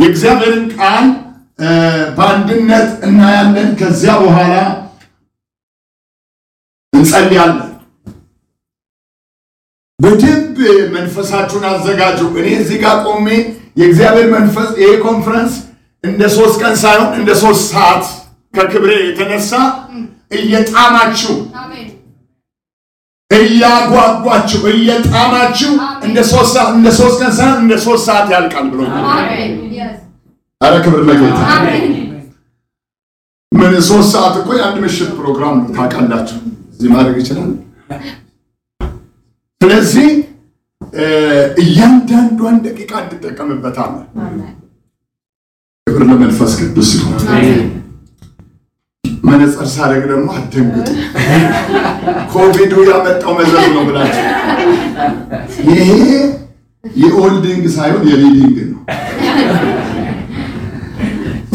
የእግዚአብሔርን ቃል በአንድነት እናያለን። ከዚያ በኋላ እንጸልያለን። በደንብ መንፈሳችሁን አዘጋጁ። እኔ እዚህ ጋር ቆሜ የእግዚአብሔር መንፈስ ይሄ ኮንፈረንስ እንደ ሶስት ቀን ሳይሆን እንደ ሶስት ሰዓት ከክብሬ የተነሳ እየጣማችሁ እያጓጓችሁ እየጣማችሁ እንደ ሶስት ቀን ሳይሆን እንደ ሶስት ሰዓት ያልቃል ብሎ አረ ክብር ለጌታ። ምን ሶስት ሰዓት እኮ የአንድ ምሽት ፕሮግራም ነው ታውቃላችሁ። እዚህ ማድረግ ይችላል። ስለዚህ እያንዳንዷን ደቂቃ እንጠቀምበታለን። ክብር ለመንፈስ ቅዱስ ሲሆን መነጽር ሳደግ ደግሞ አትደንግጡ። ኮቪዱ ያመጣው መዘዝ ነው ብላችሁ ይሄ የኦልዲንግ ሳይሆን የሊዲንግ ነው።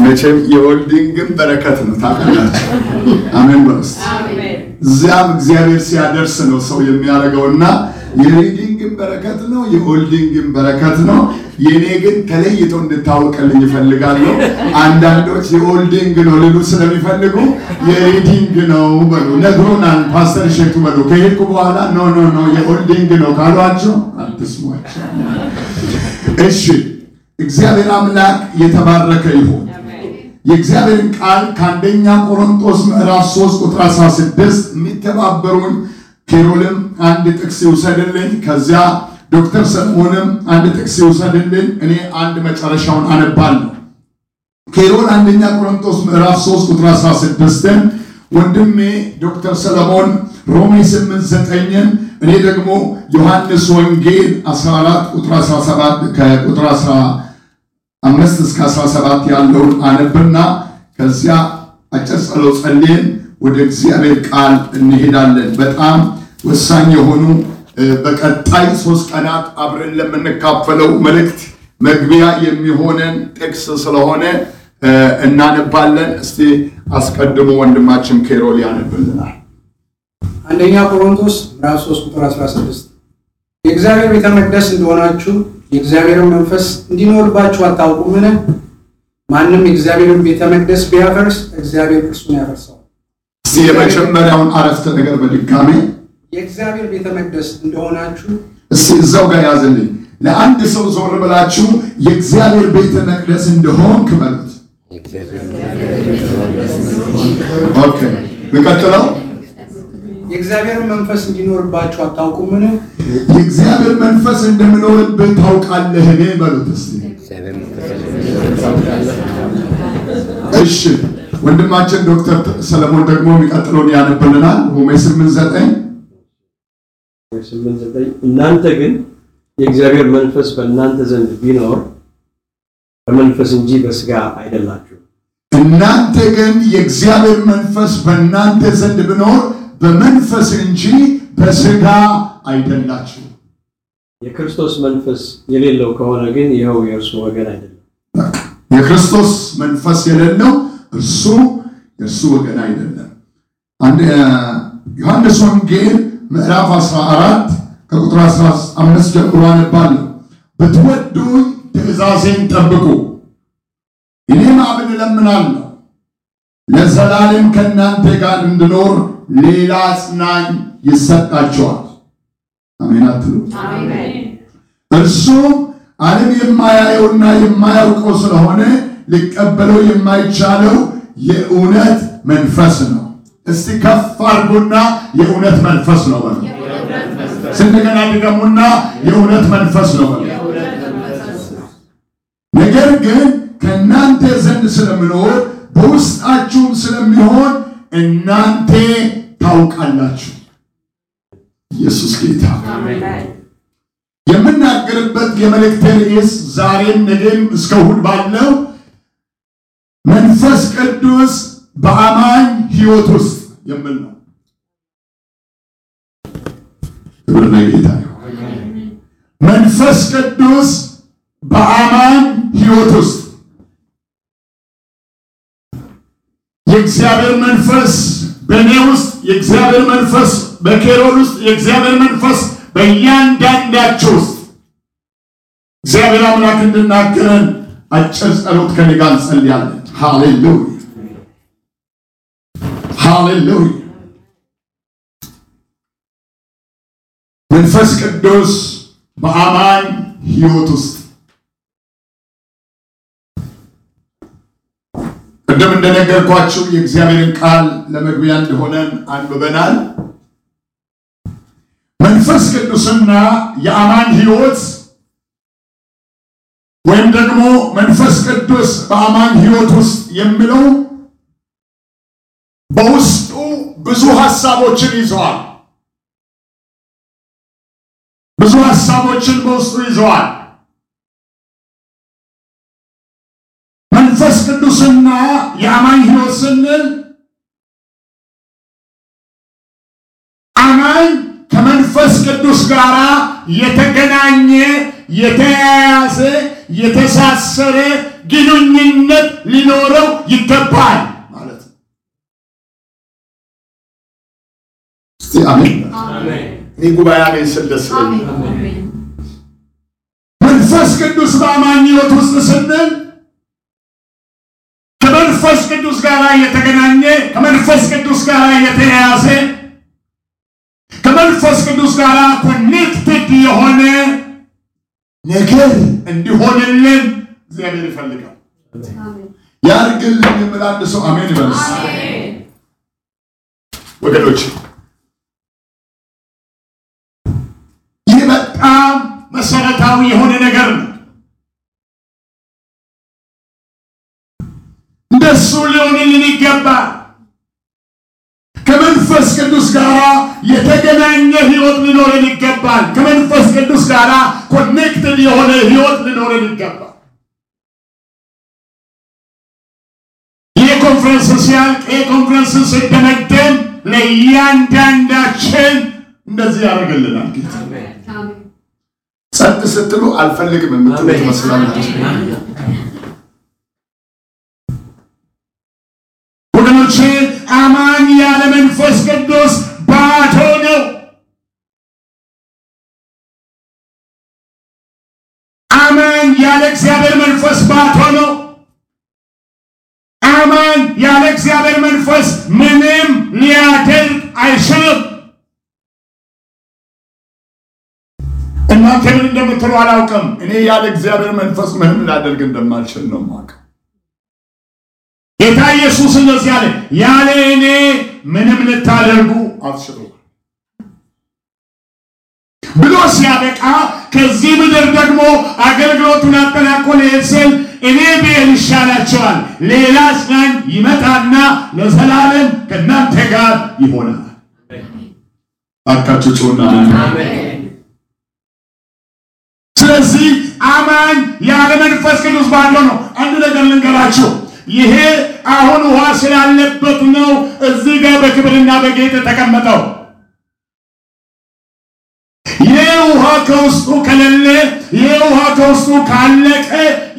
መቼም የሆልዲንግን በረከት ነው ታውቃላችሁ። አሜን በስ እዚያም እግዚአብሔር ሲያደርስ ነው ሰው እና የሪዲንግን በረከት ነው፣ የሆልዲንግን በረከት ነው። የእኔ ግን ተለይቶ እንድታወቅልኝ ይፈልጋለሁ። አንዳንዶች የሆልዲንግ ነው ልሉ ስለሚፈልጉ የሪዲንግ ነው በሉ። ነግሮናል ፓስተር ሸቱ በሉ። ከሄድኩ በኋላ ኖ ኖ ኖ የሆልዲንግ ነው ካሏቸው አልትስሟቸው። እሺ፣ እግዚአብሔር አምላክ የተባረከ ይሁን። የእግዚአብሔርን ቃል ከአንደኛ ቆሮንጦስ ምዕራፍ 3 ቁጥር 16 የሚተባበሩን ኬሮልም አንድ ጥቅስ ይውሰድልኝ። ከዚያ ዶክተር ሰልሞንም አንድ ጥቅስ ይውሰድልኝ። እኔ አንድ መጨረሻውን አነባለሁ። ኬሮል አንደኛ ቆሮንጦስ ምዕራፍ 3 ቁጥር 16 ወንድሜ ዶክተር ሰለሞን ሮሜ 8 9 እኔ ደግሞ ዮሐንስ ወንጌል 14 ቁጥር 17 ከቁጥር አምስት እስከ አስራ ሰባት ያለውን አነብና ከዚያ አጭር ጸሎት ጸልየን ወደ እግዚአብሔር ቃል እንሄዳለን። በጣም ወሳኝ የሆኑ በቀጣይ ሶስት ቀናት አብረን ለምንካፈለው መልእክት መግቢያ የሚሆነን ጥቅስ ስለሆነ እናነባለን። እስቲ አስቀድሞ ወንድማችን ኬሮል ያነብልናል። አንደኛ ቆሮንቶስ ምዕራፍ 3 ቁጥር 16 የእግዚአብሔር ቤተ መቅደስ እንደሆናችሁ የእግዚአብሔርን መንፈስ እንዲኖርባችሁ አታውቁምን? ማንም የእግዚአብሔርን ቤተ መቅደስ ቢያፈርስ እግዚአብሔር እርሱን ያፈርሰዋል። እዚህ የመጀመሪያውን አረፍተ ነገር በድጋሚ የእግዚአብሔር ቤተ መቅደስ እንደሆናችሁ እስኪ እዛው ጋር ያዘልኝ። ለአንድ ሰው ዞር ብላችሁ የእግዚአብሔር ቤተ መቅደስ እንደሆንክ በሉት። ኦኬ፣ እንቀጥለው የእግዚአብሔር መንፈስ እንዲኖርባችሁ አታውቁምን? የእግዚአብሔር መንፈስ እንደምኖርብህ ታውቃለህ። እኔ በሉት እሺ ወንድማችን ዶክተር ሰለሞን ደግሞ የሚቀጥለውን ያነብልናል። ሮሜ 8:9 እናንተ ግን የእግዚአብሔር መንፈስ በእናንተ ዘንድ ቢኖር በመንፈስ እንጂ በስጋ አይደላችሁ። እናንተ ግን የእግዚአብሔር መንፈስ በእናንተ ዘንድ ቢኖር በመንፈስ እንጂ በስጋ አይደላችሁ። የክርስቶስ መንፈስ የሌለው ከሆነ ግን ይኸው የእርሱ ወገን አይደለም። የክርስቶስ መንፈስ የሌለው እርሱ የእርሱ ወገን አይደለም። ዮሐንስ ወንጌል ምዕራፍ 14 ከቁጥር 15 ጀምሮ አነባለሁ። ብትወዱኝ ትእዛዜን ጠብቁ፣ እኔም አብን እለምናለሁ፣ ለዘላለም ከእናንተ ጋር እንድኖር ሌላ አጽናኝ ይሰጣቸዋል። አሜን አትሉ? እርሱም ዓለም የማያየውና የማያውቀው ስለሆነ ሊቀበለው የማይቻለው የእውነት መንፈስ ነው። እስቲ ከፍ አድርጉና የእውነት መንፈስ ነው በሉ። ስንገና ድገሙና የእውነት መንፈስ ነው በሉ። ነገር ግን ከእናንተ ዘንድ ስለምኖር በውስጣችሁም ስለሚሆን እናንተ ታውቃላችሁ። ኢየሱስ ጌታ። የምናገርበት የመልእክቴ ርዕስ ዛሬም ነገም እስከ እሑድ ባለው መንፈስ ቅዱስ በአማኝ ሕይወት ውስጥ የሚል ነው። ክብር ለጌታ። መንፈስ ቅዱስ በአማኝ ሕይወት ውስጥ የእግዚአብሔር መንፈስ በእኔ ውስጥ የእግዚአብሔር መንፈስ በኬሮን ውስጥ የእግዚአብሔር መንፈስ በእያንዳንዳችሁ ውስጥ እግዚአብሔር አምላክ እንድናገረን አጭር ጸሎት ከኔጋ እንጸልያለን። ሃሌሉያ ሃሌሉያ። መንፈስ ቅዱስ በአማኝ ህይወት ውስጥ ቅድም እንደነገርኳችሁ የእግዚአብሔርን ቃል ለመግቢያ እንደሆነን አንብበናል። መንፈስ ቅዱስና የአማን ሕይወት ወይም ደግሞ መንፈስ ቅዱስ በአማን ሕይወት ውስጥ የሚለው በውስጡ ብዙ ሀሳቦችን ይዘዋል። ብዙ ሀሳቦችን በውስጡ ይዘዋል። የአማኝ ህይወት ስንል አማኝ ከመንፈስ ቅዱስ ጋር የተገናኘ የተያያዘ የተሳሰረ ግንኙነት ሊኖረው ይገባል ማለት ነው። አሜን። ይህ ጉባኤ አሜን መንፈስ ቅዱስ በአማኝ ህይወት ውስጥ ስንል ከመንፈስ ቅዱስ ጋር የተገናኘ ከመንፈስ ቅዱስ ጋር የተያያዘ ከመንፈስ ቅዱስ ጋር ኮኔክትድ የሆነ ነገር እንዲሆንልን እግዚአብሔር ይፈልጋል። ያርግልን የሚል አንድ ሰው አሜን ይበልስ። ወገኖች ይህ በጣም መሰረታዊ የሆነ ነገር እሱ ሊሆንልን ይገባ ከመንፈስ ቅዱስ ጋር የተገናኘ ህይወት ሊኖረን ይገባል። ከመንፈስ ቅዱስ ጋር ኮኔክትድ የሆነ ህይወት ሊኖረን ይገባል። ይህ ኮንፈረንስ ሲያልቅ፣ ይህ ኮንፈረንስ ሲደመደም ለእያንዳንዳችን እንደዚህ ያደርግልናል። ጸጥ ስትሉ አልፈልግም የምትሉ ይመስላል። አባት ሆኖ አማን ያለ እግዚአብሔር መንፈስ ምንም ሊያደርግ አይችልም። እናንተ ምን እንደምትሉ አላውቅም። እኔ ያለ እግዚአብሔር መንፈስ ምንም ላደርግ እንደማልችል ነው የማውቀው። ጌታ ኢየሱስ እንደዚህ አለ፣ ያለ እኔ ምንም ልታደርጉ አትችሉ ብሎ ሲያበቃ ከዚህ ምድር ደግሞ አገልግሎቱን አጠናቆ ሊሄድ ሲል እኔ ብሄድ ይሻላቸዋል። ሌላ አጽናኝ ይመጣና ለዘላለም ከእናንተ ጋር ይሆናል። አካችሁ ስለዚህ አማኝ ያለ መንፈስ ቅዱስ ባለው ነው። አንድ ነገር ልንገራችሁ። ይሄ አሁን ውሃ ስላለበት ነው እዚህ ጋር በክብርና በጌጥ የተቀመጠው ከውስጡ ከሌለ ይሄ ውሃ ከውስጡ ካለቀ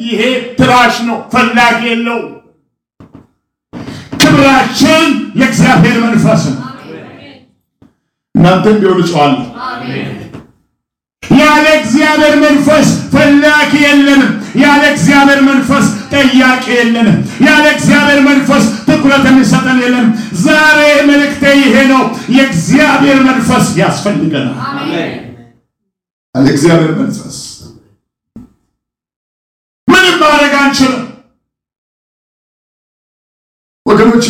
ይሄ ትራሽ ነው፣ ፈላጊ የለው። ክብራችን የእግዚአብሔር መንፈስ ነው። እናንተም ቢሆን ጨዋል ያለ እግዚአብሔር መንፈስ ፈላጊ የለንም። ያለ እግዚአብሔር መንፈስ ጠያቂ የለንም። ያለ እግዚአብሔር መንፈስ ትኩረት የሚሰጠን የለንም። ዛሬ መልእክቴ ይሄ ነው። የእግዚአብሔር መንፈስ ያስፈልገናል። ያለ እግዚአብሔር መንፈስ ምንም ማድረግ አንችልም ወገኖች።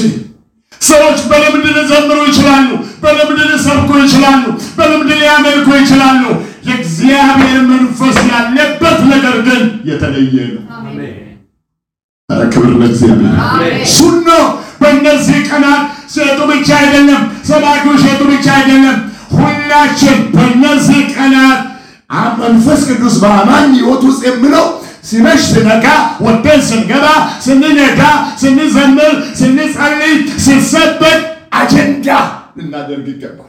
ሰዎች በልምድ ሊዘምሩ ይችላሉ፣ በልምድ ሊሰብኩ ይችላሉ፣ በልምድ ሊያመልኩ ይችላሉ። የእግዚአብሔር መንፈስ ያለበት ነገር ግን የተለየ ነው። ክብር ለእግዚአብሔር። እሱን በእነዚህ ቀናት ሴቱ ብቻ አይደለም፣ ሰባኪው ሴቱ ብቻ አይደለም። ሁላችን በእነዚህ ቀናት አሁን መንፈስ ቅዱስ በአማኝ ህይወት ውስጥ የምለው ሲመሽ ስነጋ፣ ወደን ስንገባ፣ ስንነጋ፣ ስንዘምር፣ ስንጸልይ፣ ሲሰበክ አጀንዳ ልናደርግ ይገባል።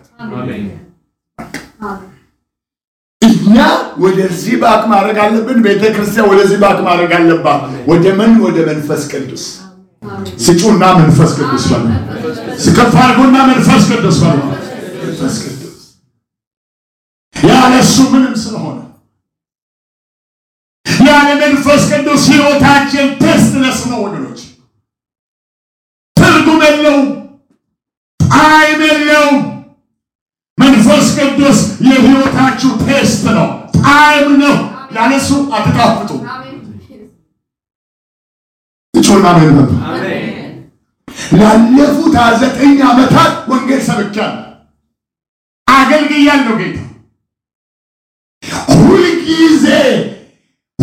እኛ ወደዚህ ባክ ማድረግ አለብን። ቤተ ክርስቲያን ወደዚህ ባክ ማድረግ አለባት። ወደ ምን? ወደ መንፈስ ቅዱስ ስጩና መንፈስ ቅዱስ በሉ። ስከፍ አድርጎና መንፈስ ቅዱስ ያለሱ ምንም ስለሆነ ያለ መንፈስ ቅዱስ ሕይወታችን ተስትለስ ነው ወገኖች፣ ትርጉም ያለው ጣዕም የለውም። መንፈስ ቅዱስ የህይወታችሁ ቴስት ነው፣ ጣዕም ነው። ያለ እሱ አትጣፍጡ። እጩና መንበት ላለፉት ዘጠኝ ዓመታት ወንጌል ሰብቻለሁ፣ አገልግያለሁ ጌታ ሁልጊዜ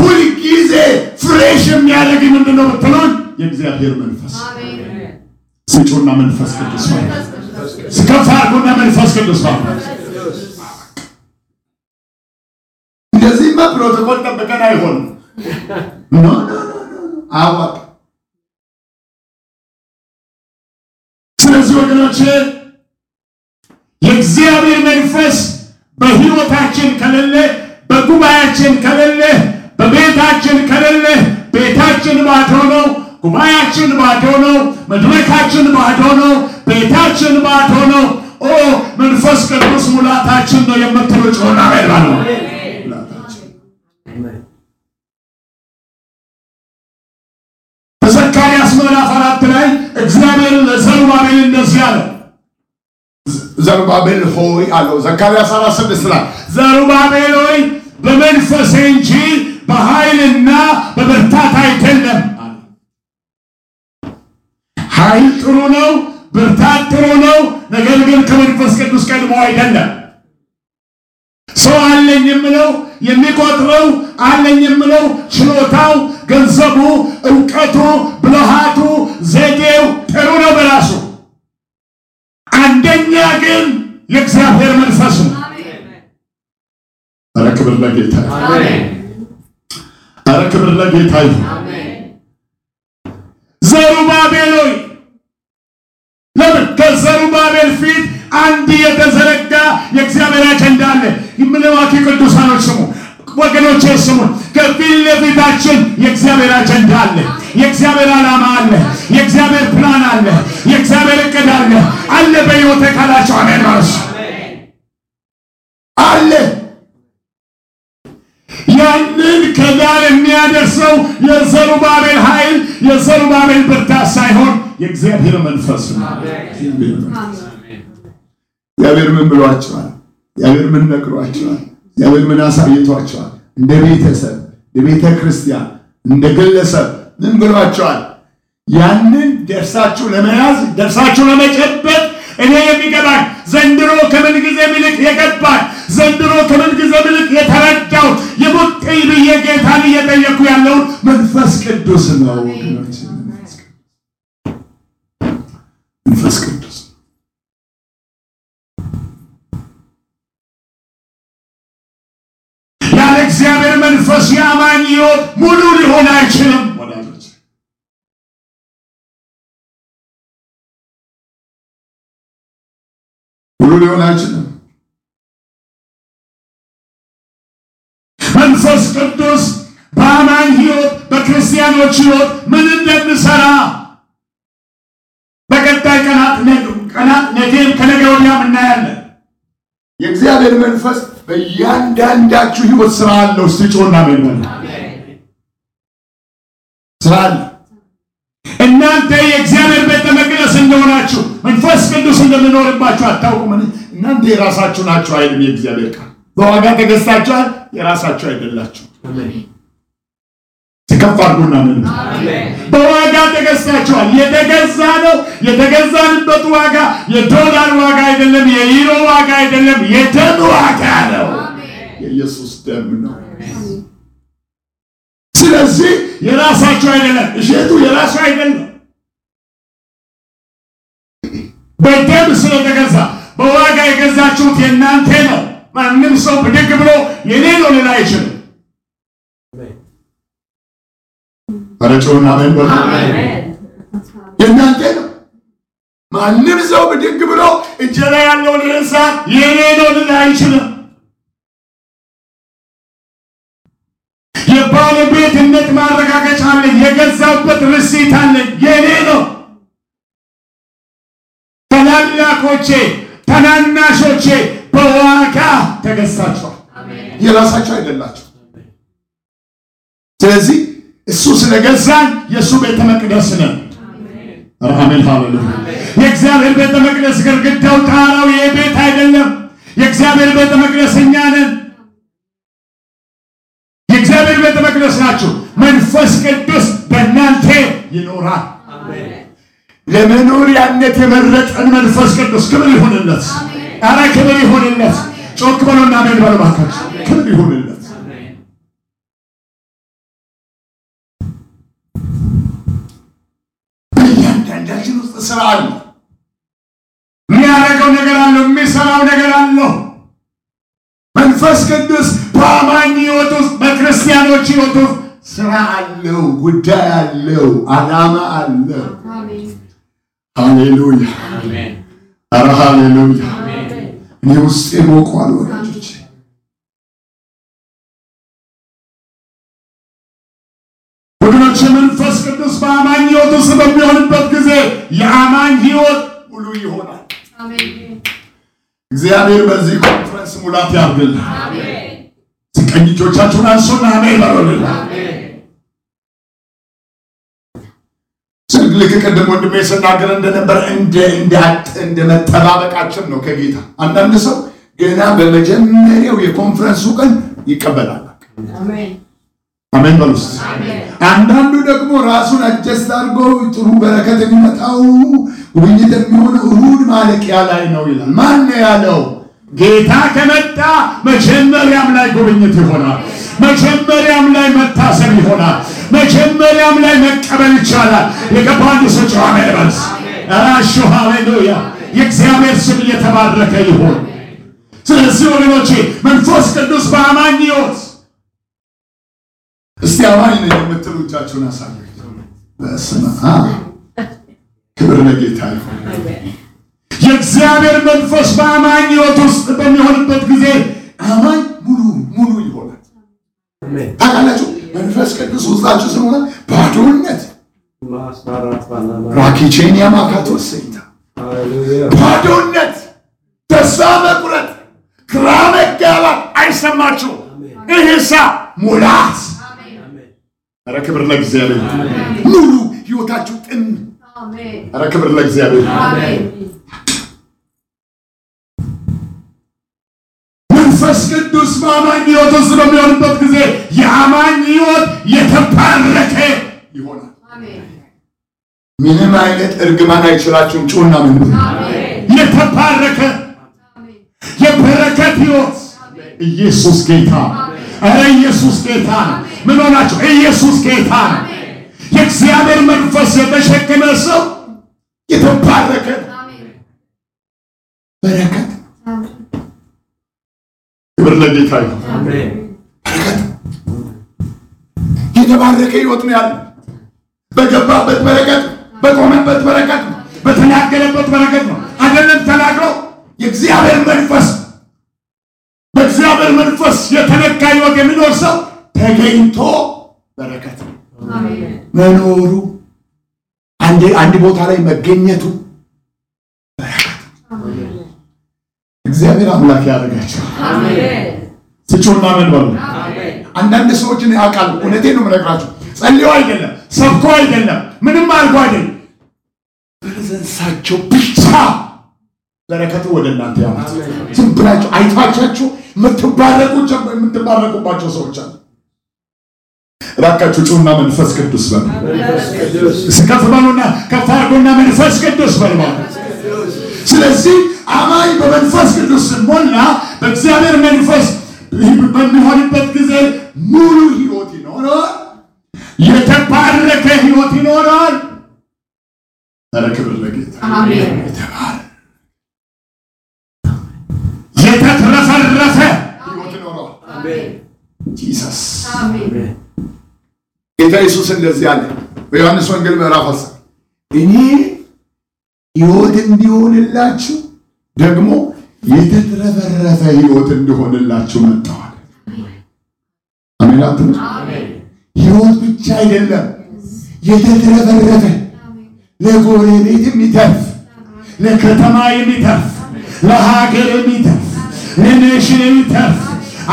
ሁልጊዜ ፍሬሽ የሚያደርግ ምንድን ነው ብትሉን የእግዚአብሔር መንፈስ ስጩና መንፈስ ቅዱስ ስከፍ አድርጉና መንፈስ ቅዱስ እንደዚህማ ፕሮቶኮል ጠብቀን አይሆንም። ኖ አዋቅ ስለዚህ ወገኖች የእግዚአብሔር መንፈስ በሕይወታችን ከሌለ በጉባኤያችን ከሌለህ፣ በቤታችን ከሌለህ፣ ቤታችን ባዶ ነው። ጉባኤያችን ባዶ ነው። መድረካችን ባዶ ነው። ቤታችን ባዶ ነው። ኦ መንፈስ ቅዱስ ሙላታችን ነው የምትሉ ጮና ይባሉ በዘካርያስ ምዕራፍ አራት ላይ እግዚአብሔር ለዘሩባቤል እንደዚህ አለው ዘሩባቤል ሆይ አለው። ዘካርያስ 46 ላይ ዘሩባቤል ሆይ በመንፈሴ እንጂ በኃይልና በብርታት አይደለም። ኃይል ጥሩ ነው፣ ብርታት ጥሩ ነው። ነገር ግን ከመንፈስ ቅዱስ ቀድሞ አይደለም። ሰው አለኝ የምለው የሚቆጥረው አለኝ የምለው ችሎታው፣ ገንዘቡ፣ እውቀቱ፣ ብልሃቱ፣ ዘዴው ጥሩ ነው በራሱ አንደኛ ግን የእግዚአብሔር መንፈስ ነው። ኧረ ክብር ለጌታ፣ ኧረ ክብር ለጌታ። ዘሩባቤል ሆይ ለምን ከዘሩባቤል ፊት አንድ የተዘረጋ የእግዚአብሔር አጀንዳ አለ። ምንዋኪ ቅዱሳኖች ስሙ፣ ወገኖቼ ስሙ። ከፊት ለፊታችን የእግዚአብሔር አጀንዳ አለ፣ የእግዚአብሔር ዓላማ አለ፣ የእግዚአብሔር ፕላን አለ። የእግዚአብሔር እቅድ አለ አለ በሕይወቴ ካላቸው አሜን ማለት አለ። ያንን ከዳር የሚያደርሰው የዘሩባቤል ኃይል የዘሩባቤል ብርታት ሳይሆን የእግዚአብሔር መንፈስ ነው። እግዚአብሔር ምን ብሏቸዋል? እግዚአብሔር ምን ነግሯቸዋል? እግዚአብሔር ምን አሳይቷቸዋል? እንደ ቤተሰብ፣ እንደ ቤተ ክርስቲያን፣ እንደ ግለሰብ ምን ብሏቸዋል? ያንን ደርሳችሁ ለመያዝ ደርሳችሁ ለመጨበጥ እኔ የሚገባኝ ዘንድሮ ከምን ጊዜ ይልቅ የገባኝ ዘንድሮ ከምን ጊዜ ይልቅ የተረዳው የሞቀኝ ብዬ ጌታን እየጠየኩ ያለውን መንፈስ ቅዱስ ነው። መንፈስ ቅዱስ ያለ እግዚአብሔር መንፈስ የአማኝ ሕይወት ሙሉ ሊሆን አይችልም። ሙሉ ሊሆን አይችልም። መንፈስ ቅዱስ በአማኝ ህይወት፣ በክርስቲያኖች ህይወት ምን እንደምሰራ በቀጣይ ቀናት ቀናት ነገም ከነገ ወዲያም እናያለን። የእግዚአብሔር መንፈስ በእያንዳንዳችሁ ህይወት ስራ አለው። ስጮና ምን ስራ አለ እናንተ የእግዚአብሔር ቤተ እንደሆናችሁ መንፈስ ቅዱስ እንደሚኖርባችሁ አታውቁምን? እናንተ የራሳችሁ ናችሁ አይልም የእግዚአብሔር ቃል። በዋጋ ተገዝታችኋል፣ የራሳችሁ አይደላችሁ። ትከፋርዱና ምን በዋጋ ተገዝታችኋል። የተገዛ ነው። የተገዛንበት ዋጋ የዶላር ዋጋ አይደለም፣ የዩሮ ዋጋ አይደለም፣ የደም ዋጋ ነው። የኢየሱስ ደም ነው። ስለዚህ የራሳችሁ አይደለም፣ እሸቱ የራሱ አይደለም። በደም ስለተገዛ በዋጋ የገዛችሁት የእናንተ ነው። ማንም ሰው ብድግ ብሎ የኔ ነው ልል አይችልም። ረጭውና የእናንተ ነው። ማንም ሰው ብድግ ብሎ እጄ ላይ ያለውን ሬሳ የኔ ነው ልል አይችልም። የባለቤትነት ማረጋገጫ አለኝ። የገዛበት ርሲት አለኝ። የኔ ነው የራሳቸው አይደላቸው። ስለዚህ እሱ ስለገዛን የእሱ ቤተ መቅደስ ነን። አሜን ሃሌሉያ። የእግዚአብሔር ቤተ መቅደስ ግድግዳው፣ ጣራው ይሄ ቤት አይደለም። የእግዚአብሔር ቤተ መቅደስ እኛ ነን። የእግዚአብሔር ቤተ መቅደስ ናችሁ። መንፈስ ቅዱስ በእናንተ ይኖራል። ለመኖሪያነት የመረጠን መንፈስ ቅዱስ ክብር ይሁንለት። አረ ክብር ይሁንለት። ጮክ በሎና አሜን በሉ ባካችሁ። ክብር ይሁንለት። እያንዳንዳችን ውስጥ ስራ አለ። የሚያደርገው ነገር አለው። የሚሰራው ነገር አለው። መንፈስ ቅዱስ በአማኝ ሕይወት ውስጥ በክርስቲያኖች ሕይወት ውስጥ ስራ አለው፣ ጉዳይ አለው፣ አላማ አለው። ሃሌሉያ! ኧረ ሃሌሉያ! እኔ ውስጤ ሞቋል ወዳጅ ወገኖች መንፈስ ቅዱስ በአማኝ ሕይወት ውስጥ በሚሆንበት ጊዜ የአማኝ ሕይወት ሙሉ ይሆናል። እግዚአብሔር በዚህ ኮንፈረንስ ሙላት ያርግል። ቀኝ እጆቻችሁን አንሱና አሜን በሉልኝ። ልክ ቅድም ወንድሜ ስናገር እንደነበር እንደ መጠባበቃችን ነው ከጌታ አንዳንድ ሰው ገና በመጀመሪያው የኮንፈረንሱ ቀን ይቀበላል። አሜን በሉስ። አንዳንዱ ደግሞ ራሱን አጀስት አድርጎ ጥሩ በረከት የሚመጣው ጉብኝት የሚሆነው እሑድ ማለቂያ ላይ ነው ይላል። ማን ነው ያለው? ጌታ ከመጣ መጀመሪያም ላይ ጉብኝት ይሆናል። መጀመሪያም ላይ መታሰብ ይሆናል። መጀመሪያም ላይ መቀበል ይቻላል። የገባን ሰጭ አሜን በሉስ። ራሹ ሃሌሉያ። የእግዚአብሔር ስም እየተባረከ ይሆን። ስለዚህ ወገኖቼ መንፈስ ቅዱስ በአማኝ ይወት እስቲ አማኝ ነኝ የምትሉ እጃችሁን አሳዩ። በስመ አብ ክብር ለጌታ ይሁን። የእግዚአብሔር መንፈስ በአማኝ ሕይወት ውስጥ በሚሆንበት ጊዜ አማኝ ሙሉ ሙሉ ይሆናል። ታውቃላችሁ መንፈስ ቅዱስ ውስጣችሁ ስለሆነ ባዶነት ራኪቼን ያማካት ወሰኝታ ባዶነት፣ ተስፋ መቁረጥ፣ ግራ መጋባት አይሰማችሁ። ይህሳ ሙላት ኧረ ክብር ለእግዚአብሔር። ሙሉ ህይወታችሁ ጥን። ኧረ ክብር ለእግዚአብሔር። መንፈስ ቅዱስ በአማኝ ህይወት ውስጥ በሚሆንበት ጊዜ የአማኝ ህይወት የተባረከ ይሆናል። ምንም አይነት እርግማን አይችላችሁም። ጩና ምን የተባረከ የበረከት ህይወት ኢየሱስ ጌታ። ኧረ ኢየሱስ ጌታ ነው። ምን ሆናችሁ? ኢየሱስ ጌታ ነው። የእግዚአብሔር መንፈስ የተሸከመ ሰው የተባረከ በረከት። ክብር ለጌታ ይሁን። የተባረከ ህይወት ነው ያለ በገባበት በረከት፣ በቆመበት በረከት፣ በተናገረበት በረከት ነው። አይደለም ተናግሮ የእግዚአብሔር መንፈስ በእግዚአብሔር መንፈስ የተነካ ህይወት የሚኖር ሰው ተገኝቶ በረከት መኖሩ አንድ ቦታ ላይ መገኘቱ በረከት እግዚአብሔር አምላክ ያደርጋቸው። ስጩና ምን በሉ። አንዳንድ ሰዎችን ያውቃል። እውነቴ ነው የምነግራቸው። ጸልዮ አይደለም ሰብኮ አይደለም ምንም አድርጎ አይደለም፣ ፕሬዘንሳቸው ብቻ በረከቱ ወደ እናንተ ያመት ዝም ብላችሁ አይታቻችሁ የምትባረቁባቸው ሰዎች አሉ። እባካችሁ ጩና መንፈስ ቅዱስ በል ከፍ በሉና ከፍ አድርጎና መንፈስ ቅዱስ በል ስለዚህ አማኝ በመንፈስ ቅዱስ ስሞላ በእግዚአብሔር መንፈስ በሚሆንበት ጊዜ ሙሉ ህይወት ይኖረዋል። የተባረከ ህይወት ይኖራል ኧረ ለጌታ የተትረፈረፈ ህይወት ይኖራል ጂሰስ ጌታ ኢየሱስ እንደዚህ አለ በዮሐንስ ወንጌል ምዕራፍ አስር እኔ ሕይወት እንዲሆንላችሁ ደግሞ የተትረፈረፈ ሕይወት እንዲሆንላችሁ መጥተዋል። አሜናት ሕይወት ብቻ አይደለም የተትረፈረፈ ለጎረቤት የሚተርፍ ለከተማ የሚተርፍ ለሀገር የሚተርፍ ለኔሽን የሚተርፍ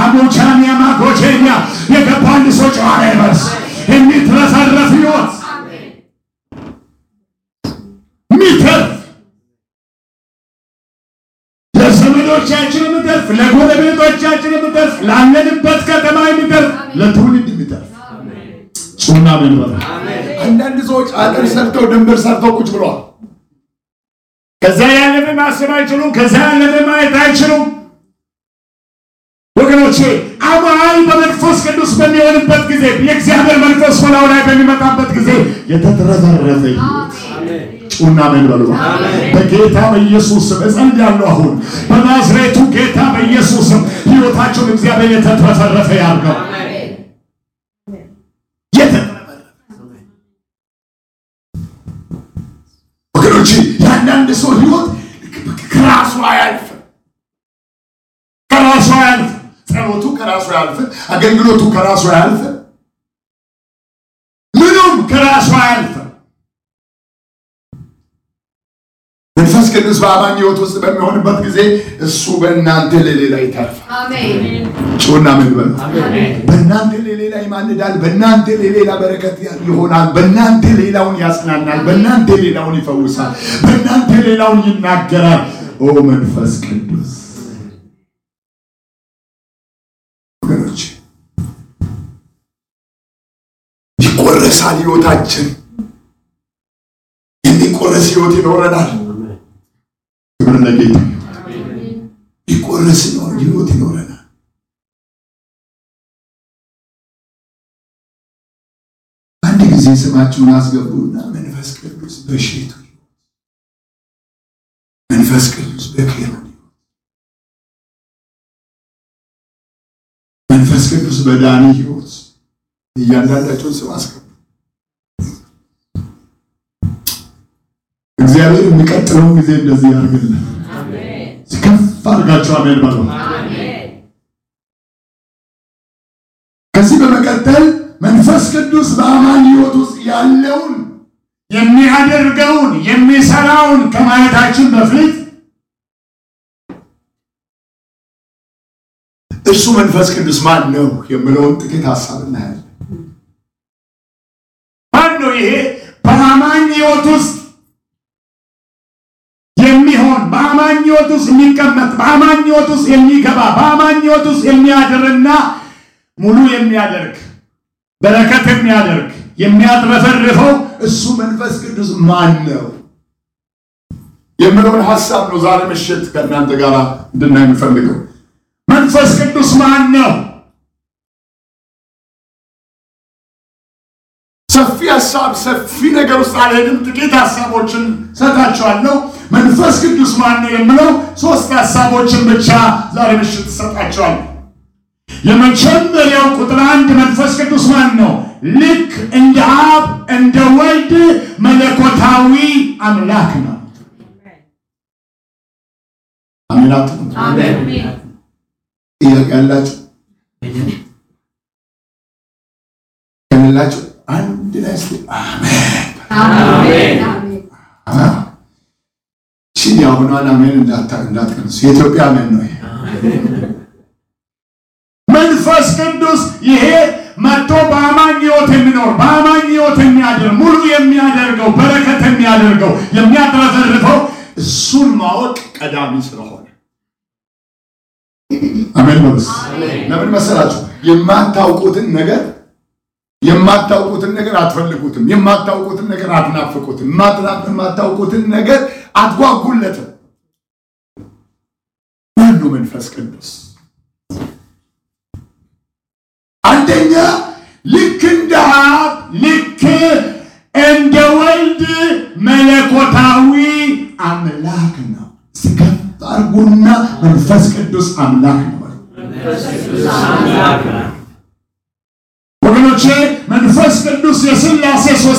አሞቻሚያ ማጎቼኛ የገባን ሰው ጨዋላ ይበርስ የሚትረፈረፍ ህይወት ሚተርፍ ለዘመዶቻችን የሚተርፍ ለጎረቤቶቻችን የሚተርፍ ላለንበት ከተማ የሚተርፍ ለትውልድ የሚተርፍ ጾና መንበር። አንዳንድ ሰዎች አጥር ሰርተው ድንበር ሰርተው ቁጭ ብለዋል። ከዛ ያለፈ ማሰብ አይችሉም። ከዛ ያለፈ ማየት አይችሉም። ወገኖቼ አማይ በመንፈስ ቅዱስ በሚሆንበት ጊዜ የእግዚአብሔር መንፈስ ሆነው ላይ በሚመጣበት ጊዜ የተትረፈረፈ ጩና ምን በሉ። በጌታ በኢየሱስ ስም እጸልያለሁ። አሁን በናዝሬቱ ጌታ በኢየሱስ ሕይወታችሁን እግዚአብሔር የተትረፈረፈ ያድርገው። ወገኖቼ የአንዳንድ ሰው ሕይወት ከራሱ አያልፍ ከራሱ አያልፍም። አገልግሎቱ ከራሱ አያልፍም። ምኑም ከራሱ አያልፍም። መንፈስ ቅዱስ በአማኝ ሕይወት ውስጥ በሚሆንበት ጊዜ እሱ በእናንተ ለሌላ ይተርፋል። ጩና ምን በል በእናንተ ለሌላ ይማልዳል። በእናንተ ለሌላ በረከት ይሆናል። በእናንተ ሌላውን ያጽናናል። በእናንተ ሌላውን ይፈውሳል። በእናንተ ሌላውን ይናገራል። ኦ መንፈስ ቅዱስ ይቆረሳል ህይወታችን። የሚቆረስ ህይወት ይኖረናል። ክብር ለጌታ። ይቆረስ ነው ህይወት ይኖረናል። አንድ ጊዜ ስማችሁን አስገቡና መንፈስ ቅዱስ በሽቱ መንፈስ ቅዱስ በክሩ መንፈስ ቅዱስ በዳኒ ህይወት እያንዳንዳቸውን ስም አስገቡ። እግዚአብሔር የሚቀጥለውን ጊዜ እንደዚህ ያድርግልን። ከፍ አድርጋችሁ አሜን በሉ። ከዚህ በመቀጠል መንፈስ ቅዱስ በአማን ሕይወት ውስጥ ያለውን የሚያደርገውን የሚሰራውን ከማየታችን በፊት እሱ መንፈስ ቅዱስ ማን ነው የምለውን ጥቂት ሀሳብ እናያለን። ማን ነው ይሄ በአማን ሕይወት ውስጥ ውስጥ የሚቀመጥ በአማኝ ሕይወት ውስጥ የሚገባ በአማኝ ሕይወት ውስጥ የሚያድርና ሙሉ የሚያደርግ በረከት የሚያደርግ የሚያትረፈርፈው እሱ መንፈስ ቅዱስ ማን ነው የምለውን ሀሳብ ነው ዛሬ ምሽት ከእናንተ ጋር እንድናይ የምፈልገው። መንፈስ ቅዱስ ማን ነው? ሀሳብ ሰፊ ነገር ውስጥ አልሄድም። ጥቂት ሀሳቦችን ሰጣቸዋለሁ። መንፈስ ቅዱስ ማን ነው የምለው ሶስት ሀሳቦችን ብቻ ዛሬ ምሽት ሰጣቸዋል። የመጀመሪያው ቁጥር አንድ መንፈስ ቅዱስ ማን ነው? ልክ እንደ አብ እንደ ወልድ መለኮታዊ አምላክ ነው። አሜላት ጥያቄ ያላችሁ Did amen? አሜን። እሺ፣ አሜን እንዳትቀንሱ። የኢትዮጵያ አሜን ነው። መንፈስ ቅዱስ ይሄ መጥቶ በአማኝ ህይወት የሚኖር በአማኝ ህይወት የሚያደር ሙሉ የሚያደርገው በረከት የሚያደርገው የሚያትረፈርፈው እሱን ማወቅ ቀዳሚ ስለሆነ አሜን። ለምን መሰላችሁ የማታውቁትን ነገር የማታውቁትን ነገር አትፈልጉትም። የማታውቁትን ነገር አትናፍቁትም። የማታውቁትን ነገር አትጓጉለትም። ሁሉ መንፈስ ቅዱስ አንደኛ ልክ እንደ አብ ልክ እንደ ወልድ መለኮታዊ አምላክ ነው። ስከፍ አርጉና መንፈስ ቅዱስ አምላክ ነው።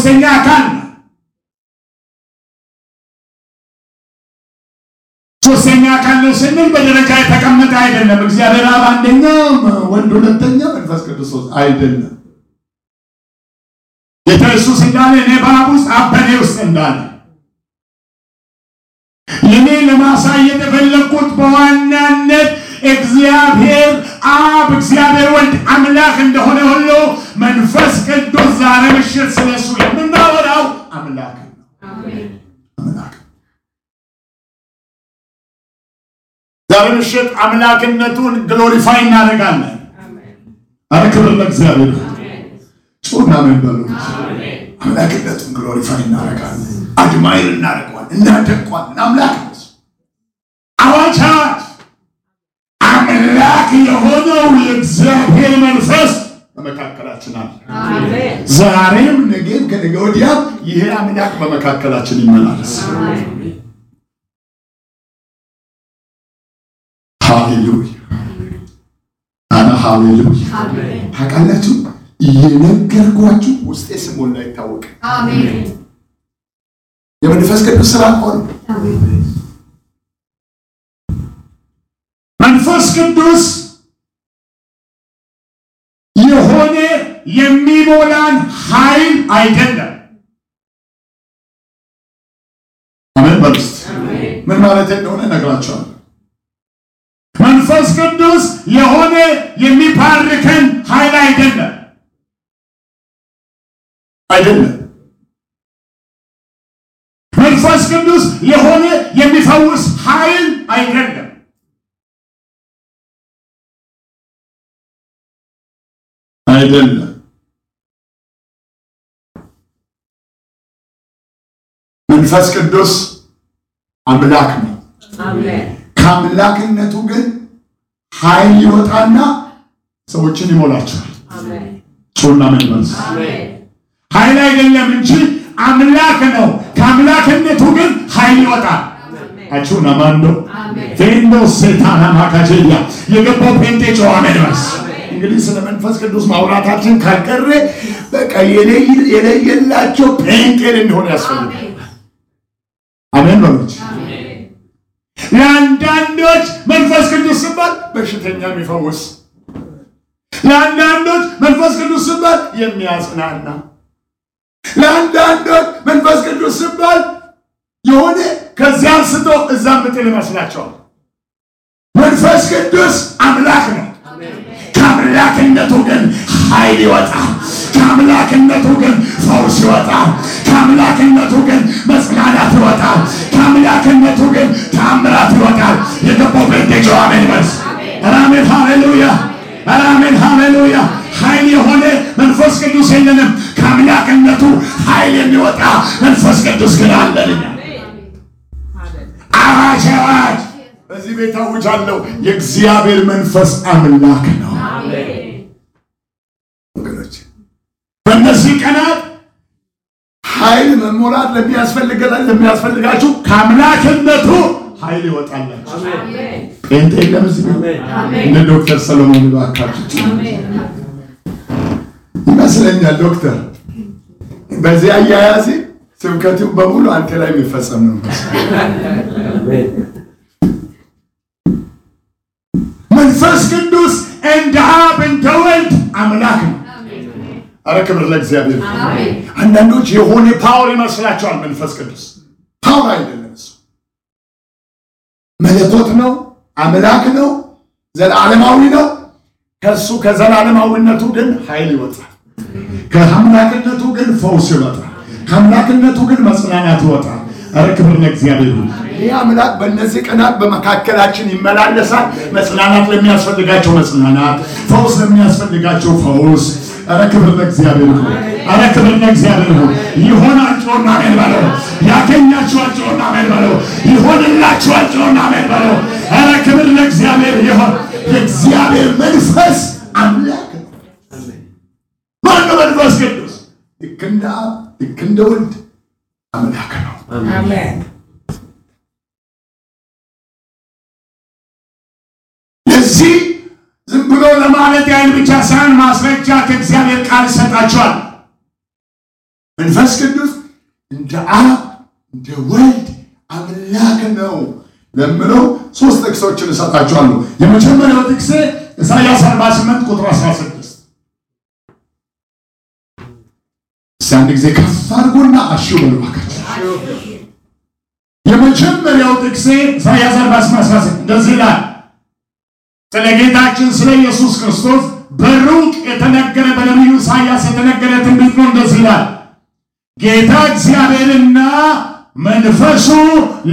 ሶስተኛ አካል ነው። ሶስተኛ አካል ነው ስንል በደረጃ የተቀመጠ አይደለም። እግዚአብሔር አብ አንደኛ፣ ወልድ ሁለተኛ፣ መንፈስ ቅዱስ አይደለም። ጌታ ኢየሱስ እንዳለ እኔ በአብ ውስጥ አብ በእኔ ውስጥ እንዳለ ለእኔ ለማሳየት የፈለግኩት በዋናነት እግዚአብሔር አብ እግዚአብሔር ወልድ አምላክ እንደሆነ ሁሉ መንፈስ ቅዱስ ዛሬ ምሽት ስለሱ የምናወራው አምላክ ዛሬ ምሽት አምላክነቱን ግሎሪፋይ እናደርጋለን። አክብር ለእግዚአብሔር ጩና መንበሉ አምላክነቱን ግሎሪፋይ እናደርጋለን። አድማይር እናደርገዋል፣ እናደቋል። አምላክ አዋጅ አምላክ የሆነው የእግዚአብሔር መንፈስ በመካከላችን አለ። ዛሬም፣ ነገም፣ ከነገ ወዲያም ይሄ አምላክ በመካከላችን ይመላለስ። ሃሌሉያ አና ሃሌሉያ። ታውቃላችሁ የነገርኳችሁ ውስጤ ስሞላ ይታወቅ የመንፈስ ቅዱስ ስራ ሆነ መንፈስ ቅዱስ የሆነ የሚሞላን ኃይል አይደለም። አሜን በሉስ። ምን ማለት እንደሆነ ነግራቸዋል። መንፈስ ቅዱስ የሆነ የሚባርከን ኃይል አይደለም አይደለም። መንፈስ ቅዱስ የሆነ የሚፈውስ ኃይል አይደለም። አይደለም። መንፈስ ቅዱስ አምላክ ነው። ከአምላክነቱ ግን ኃይል ይወጣና ሰዎችን ይሞላቸዋል። ጾና መንፈስ ኃይል አይደለም እንጂ አምላክ ነው። ከአምላክነቱ ግን ኃይል ይወጣል። አቹና ማንዶ ፌንዶ ሴታና ማካጀያ የገባው ፔንጤ ጨዋ መንፈስ እንግዲህ ስለ መንፈስ ቅዱስ ማውራታችን ካልቀረ በቃ የለየላቸው ጴንጤ እንዲሆን ያስፈልጋል። አሜን በሎች። ለአንዳንዶች መንፈስ ቅዱስ ሲባል በሽተኛ የሚፈውስ፣ ለአንዳንዶች መንፈስ ቅዱስ ስባል የሚያጽናና፣ ለአንዳንዶች መንፈስ ቅዱስ ስባል የሆነ ከዚያ አንስቶ እዛ ምጥል ይመስላቸዋል። መንፈስ ቅዱስ አምላክ ነው። ከአምላክነቱ ግን ኃይል ይወጣል። ከአምላክነቱ ግን ፈውስ ይወጣል። ከአምላክነቱ ግን መጽናናት ይወጣል። ከአምላክነቱ ግን ታምራት ይወጣል። የገባው በእንደጨው አሜን መልስ አሜን። ሃሌሉያ አሜን። ሃሌሉያ ኃይል የሆነ መንፈስ ቅዱስ የለንም። ከአምላክነቱ ኃይል የሚወጣ መንፈስ ቅዱስ ግን አለልኛ አዋጅ በዚህ ቤት አውጃለሁ። የእግዚአብሔር መንፈስ አምላክ ነው። ወገኖች በእነዚህ ቀናት ኃይል መሞላት ለሚያስፈልጋችሁ ከአምላክነቱ ኃይል ይወጣላችሁ። ጴንጤ የለም እዚህ ቤት እንደ ዶክተር ሰሎሞን ባካችሁ ይመስለኛል። ዶክተር በዚህ አያያዜ ስብከቱ በሙሉ አንተ ላይ የሚፈጸም ነው። መንፈስ ቅዱስ እንደ አብ እንደ ወልድ አምላክ ነው። አረ ክብር ለእግዚአብሔር። አንዳንዶች የሆነ ፓወር ይመስላቸዋል። መንፈስ ቅዱስ ፓወር አይደለም፣ እሱ መለኮት ነው፣ አምላክ ነው፣ ዘላለማዊ ነው። ከሱ ከዘላለማዊነቱ ግን ኃይል ይወጣል። ከአምላክነቱ ግን ፈውስ ይወጣል። ከአምላክነቱ ግን መጽናናት ይወጣል። አረ ክብር ለእግዚአብሔር። ይህ አምላክ በእነዚህ ቀናት በመካከላችን ይመላለሳል። መጽናናት ለሚያስፈልጋቸው መጽናናት፣ ፈውስ ለሚያስፈልጋቸው ፈውስ። ኧረ ክብር ለእግዚአብሔር ነው። ኧረ ክብር ለእግዚአብሔር ነው። ይሆናቸውና አሜን በለው። ያገኛቸዋቸውና አሜን በለው። ይሆንላቸዋቸውና አሜን በለው። ኧረ ክብር ለእግዚአብሔር ይሆን። የእግዚአብሔር መንፈስ አምላክ ማን ነው። መንፈስ ቅዱስ? ልክ እንደ አብ ልክ እንደ ወልድ አምላክ ነው። አሜን ማለት ያን ብቻ ሳይሆን ማስረጃ ከእግዚአብሔር ቃል ይሰጣቸዋል። መንፈስ ቅዱስ እንደ አብ እንደ ወልድ አምላክ ነው ለምለው ሶስት ጥቅሶችን እሰጣቸዋለሁ። የመጀመሪያው ጥቅስ ኢሳያስ 48 ቁጥር 16 አንድ ጊዜ ከፍ አድርጎና አሹ በልባካች የመጀመሪያው ጥቅስ ኢሳያስ 48 16 እንደዚህ ይላል ስለ ጌታችን ስለ ኢየሱስ ክርስቶስ በሩቅ የተነገረ በነቢዩ ኢሳያስ የተነገረ ትንቢት ነው። እንደዚህ ይላል፣ ጌታ እግዚአብሔርና መንፈሱ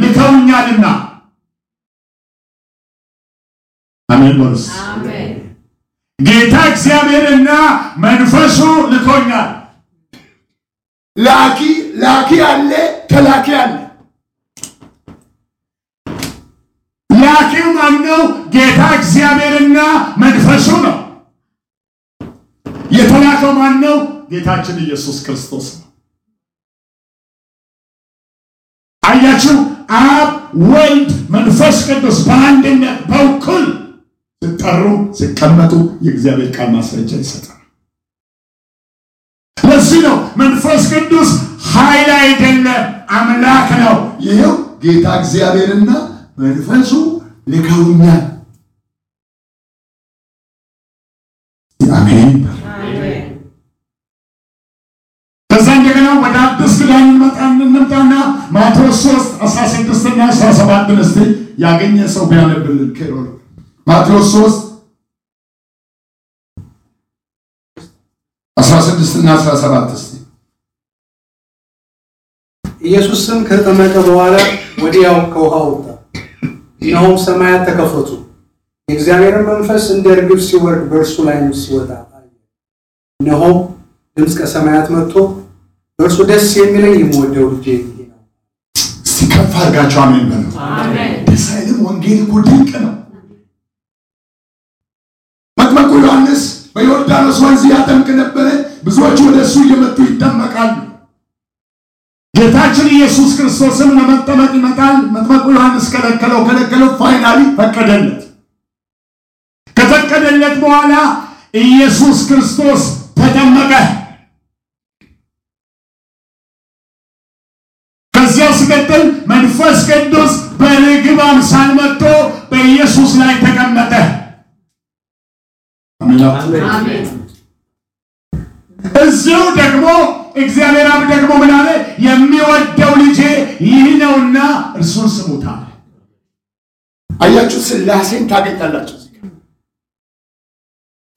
ልከውኛልና። አሜን በሉስ። ጌታ እግዚአብሔርና መንፈሱ ልኮኛል። ላኪ ላኪ አለ፣ ተላኪ አለ። ላኪው ማን ነው? ጌታ እግዚአብሔርና መንፈሱ ነው። የተላከው ማን ነው? ጌታችን ኢየሱስ ክርስቶስ ነው። አያችሁ፣ አብ ወልድ፣ መንፈስ ቅዱስ በአንድነት በኩል ሲጠሩ ሲቀመጡ የእግዚአብሔር ቃል ማስረጃ ይሰጣል። ለዚህ ነው መንፈስ ቅዱስ ኃይል አይደለም አምላክ ነው። ይኸው ጌታ እግዚአብሔርና በንፈሱ ልከውኛል። አሜን። ከዛ እንደገና ወደ አዲስ ኪዳን እንመጣና ማቴዎስ 3 16 እና 17 እስቲ ያገኘ ሰው ቢያነብልን ከሮል ማቴዎስ 3 16 እና 17 እስቲ ኢየሱስም ከጠመቀ በኋላ ወዲያው ከውሃ ወጣ እነሆም ሰማያት ተከፈቱ፣ የእግዚአብሔርን መንፈስ እንደ እርግብ ሲወርድ በእርሱ ላይም ሲወጣ እነሆም ድምፅ ከሰማያት መጥቶ በእርሱ ደስ የሚለኝ የምወደው ልጄ ነው። እስቲ አድርጋችሁ አሜን በሉ። ደስ አይልም? ወንጌል እኮ ድንቅ ነው። መጥምቁ ዮሐንስ በዮርዳኖስ ወንዝ ያጠምቅ ነበረ። ብዙዎች ወደ እሱ እየመጡ ይጠመቃሉ። ጌታችን ኢየሱስ ክርስቶስም ለመጠመቅ ይመጣል። መጥመቁ ዮሐንስ ከለከለው ከለከለው፣ ፋይናሊ ፈቀደለት። ከፈቀደለት በኋላ ኢየሱስ ክርስቶስ ተጠመቀ። ከዚያ ሲቀጥል መንፈስ ቅዱስ በርግብ አምሳል መጥቶ በኢየሱስ ላይ ተቀመጠ። እዚሁ ደግሞ እግዚአብሔር አብ ደግሞ ምን አለ? የሚወደው ልጄ ይህ ነውና እርሱን ስሙታ አያችሁ፣ ስላሴን ታገኛላችሁ።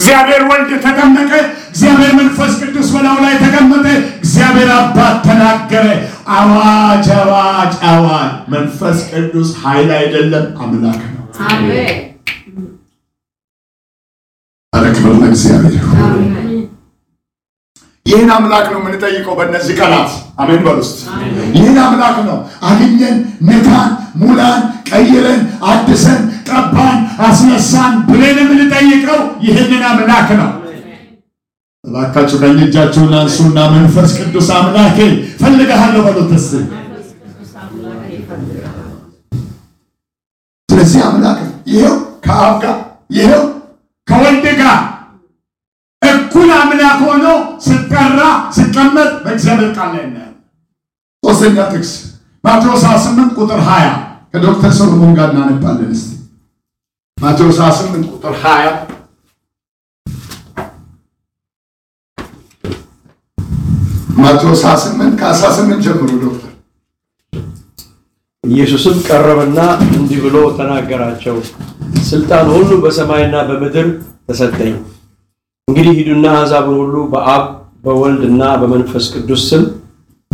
እግዚአብሔር ወልድ ተቀመጠ፣ እግዚአብሔር መንፈስ ቅዱስ በላዩ ላይ ተቀመጠ፣ እግዚአብሔር አባት ተናገረ። አዋጅ አዋጅ አዋጅ! መንፈስ ቅዱስ ኃይል አይደለም አምላክ ነው። አሜን። አረክበሉ እግዚአብሔር ይህን አምላክ ነው የምንጠይቀው በእነዚህ ቀናት። አሜን በሉ እስቲ። ይህን አምላክ ነው አግኘን፣ ምታን፣ ሙላን፣ ቀይረን፣ አድሰን፣ ጠባን፣ አስነሳን ብለን የምንጠይቀው ይህንን አምላክ ነው። እባካችሁ ቀኝ እጃችሁን አንሱና መንፈስ ቅዱስ አምላኬ ፈልገሃለሁ በሉት እስቲ። ስለዚህ አምላክ ይኸው ከአብ ጋር ይኸው ሆኖ ስጠራ ሲቀመጥ በእግዚአብሔር ቃል ላይ እናያል። ሶስተኛ ጥቅስ ማቴዎስ 28 ቁጥር 20 ከዶክተር ሰሎሞን ጋር እናነባለን። እስቲ ማቴዎስ 28 ቁጥር 20 ማቴዎስ 28 ከ18 ጀምሮ ዶክተር ኢየሱስም ቀረበና እንዲህ ብሎ ተናገራቸው፣ ስልጣን ሁሉ በሰማይና በምድር ተሰጠኝ እንግዲህ ሂዱና አሕዛብን ሁሉ በአብ እና በመንፈስ ቅዱስ ስም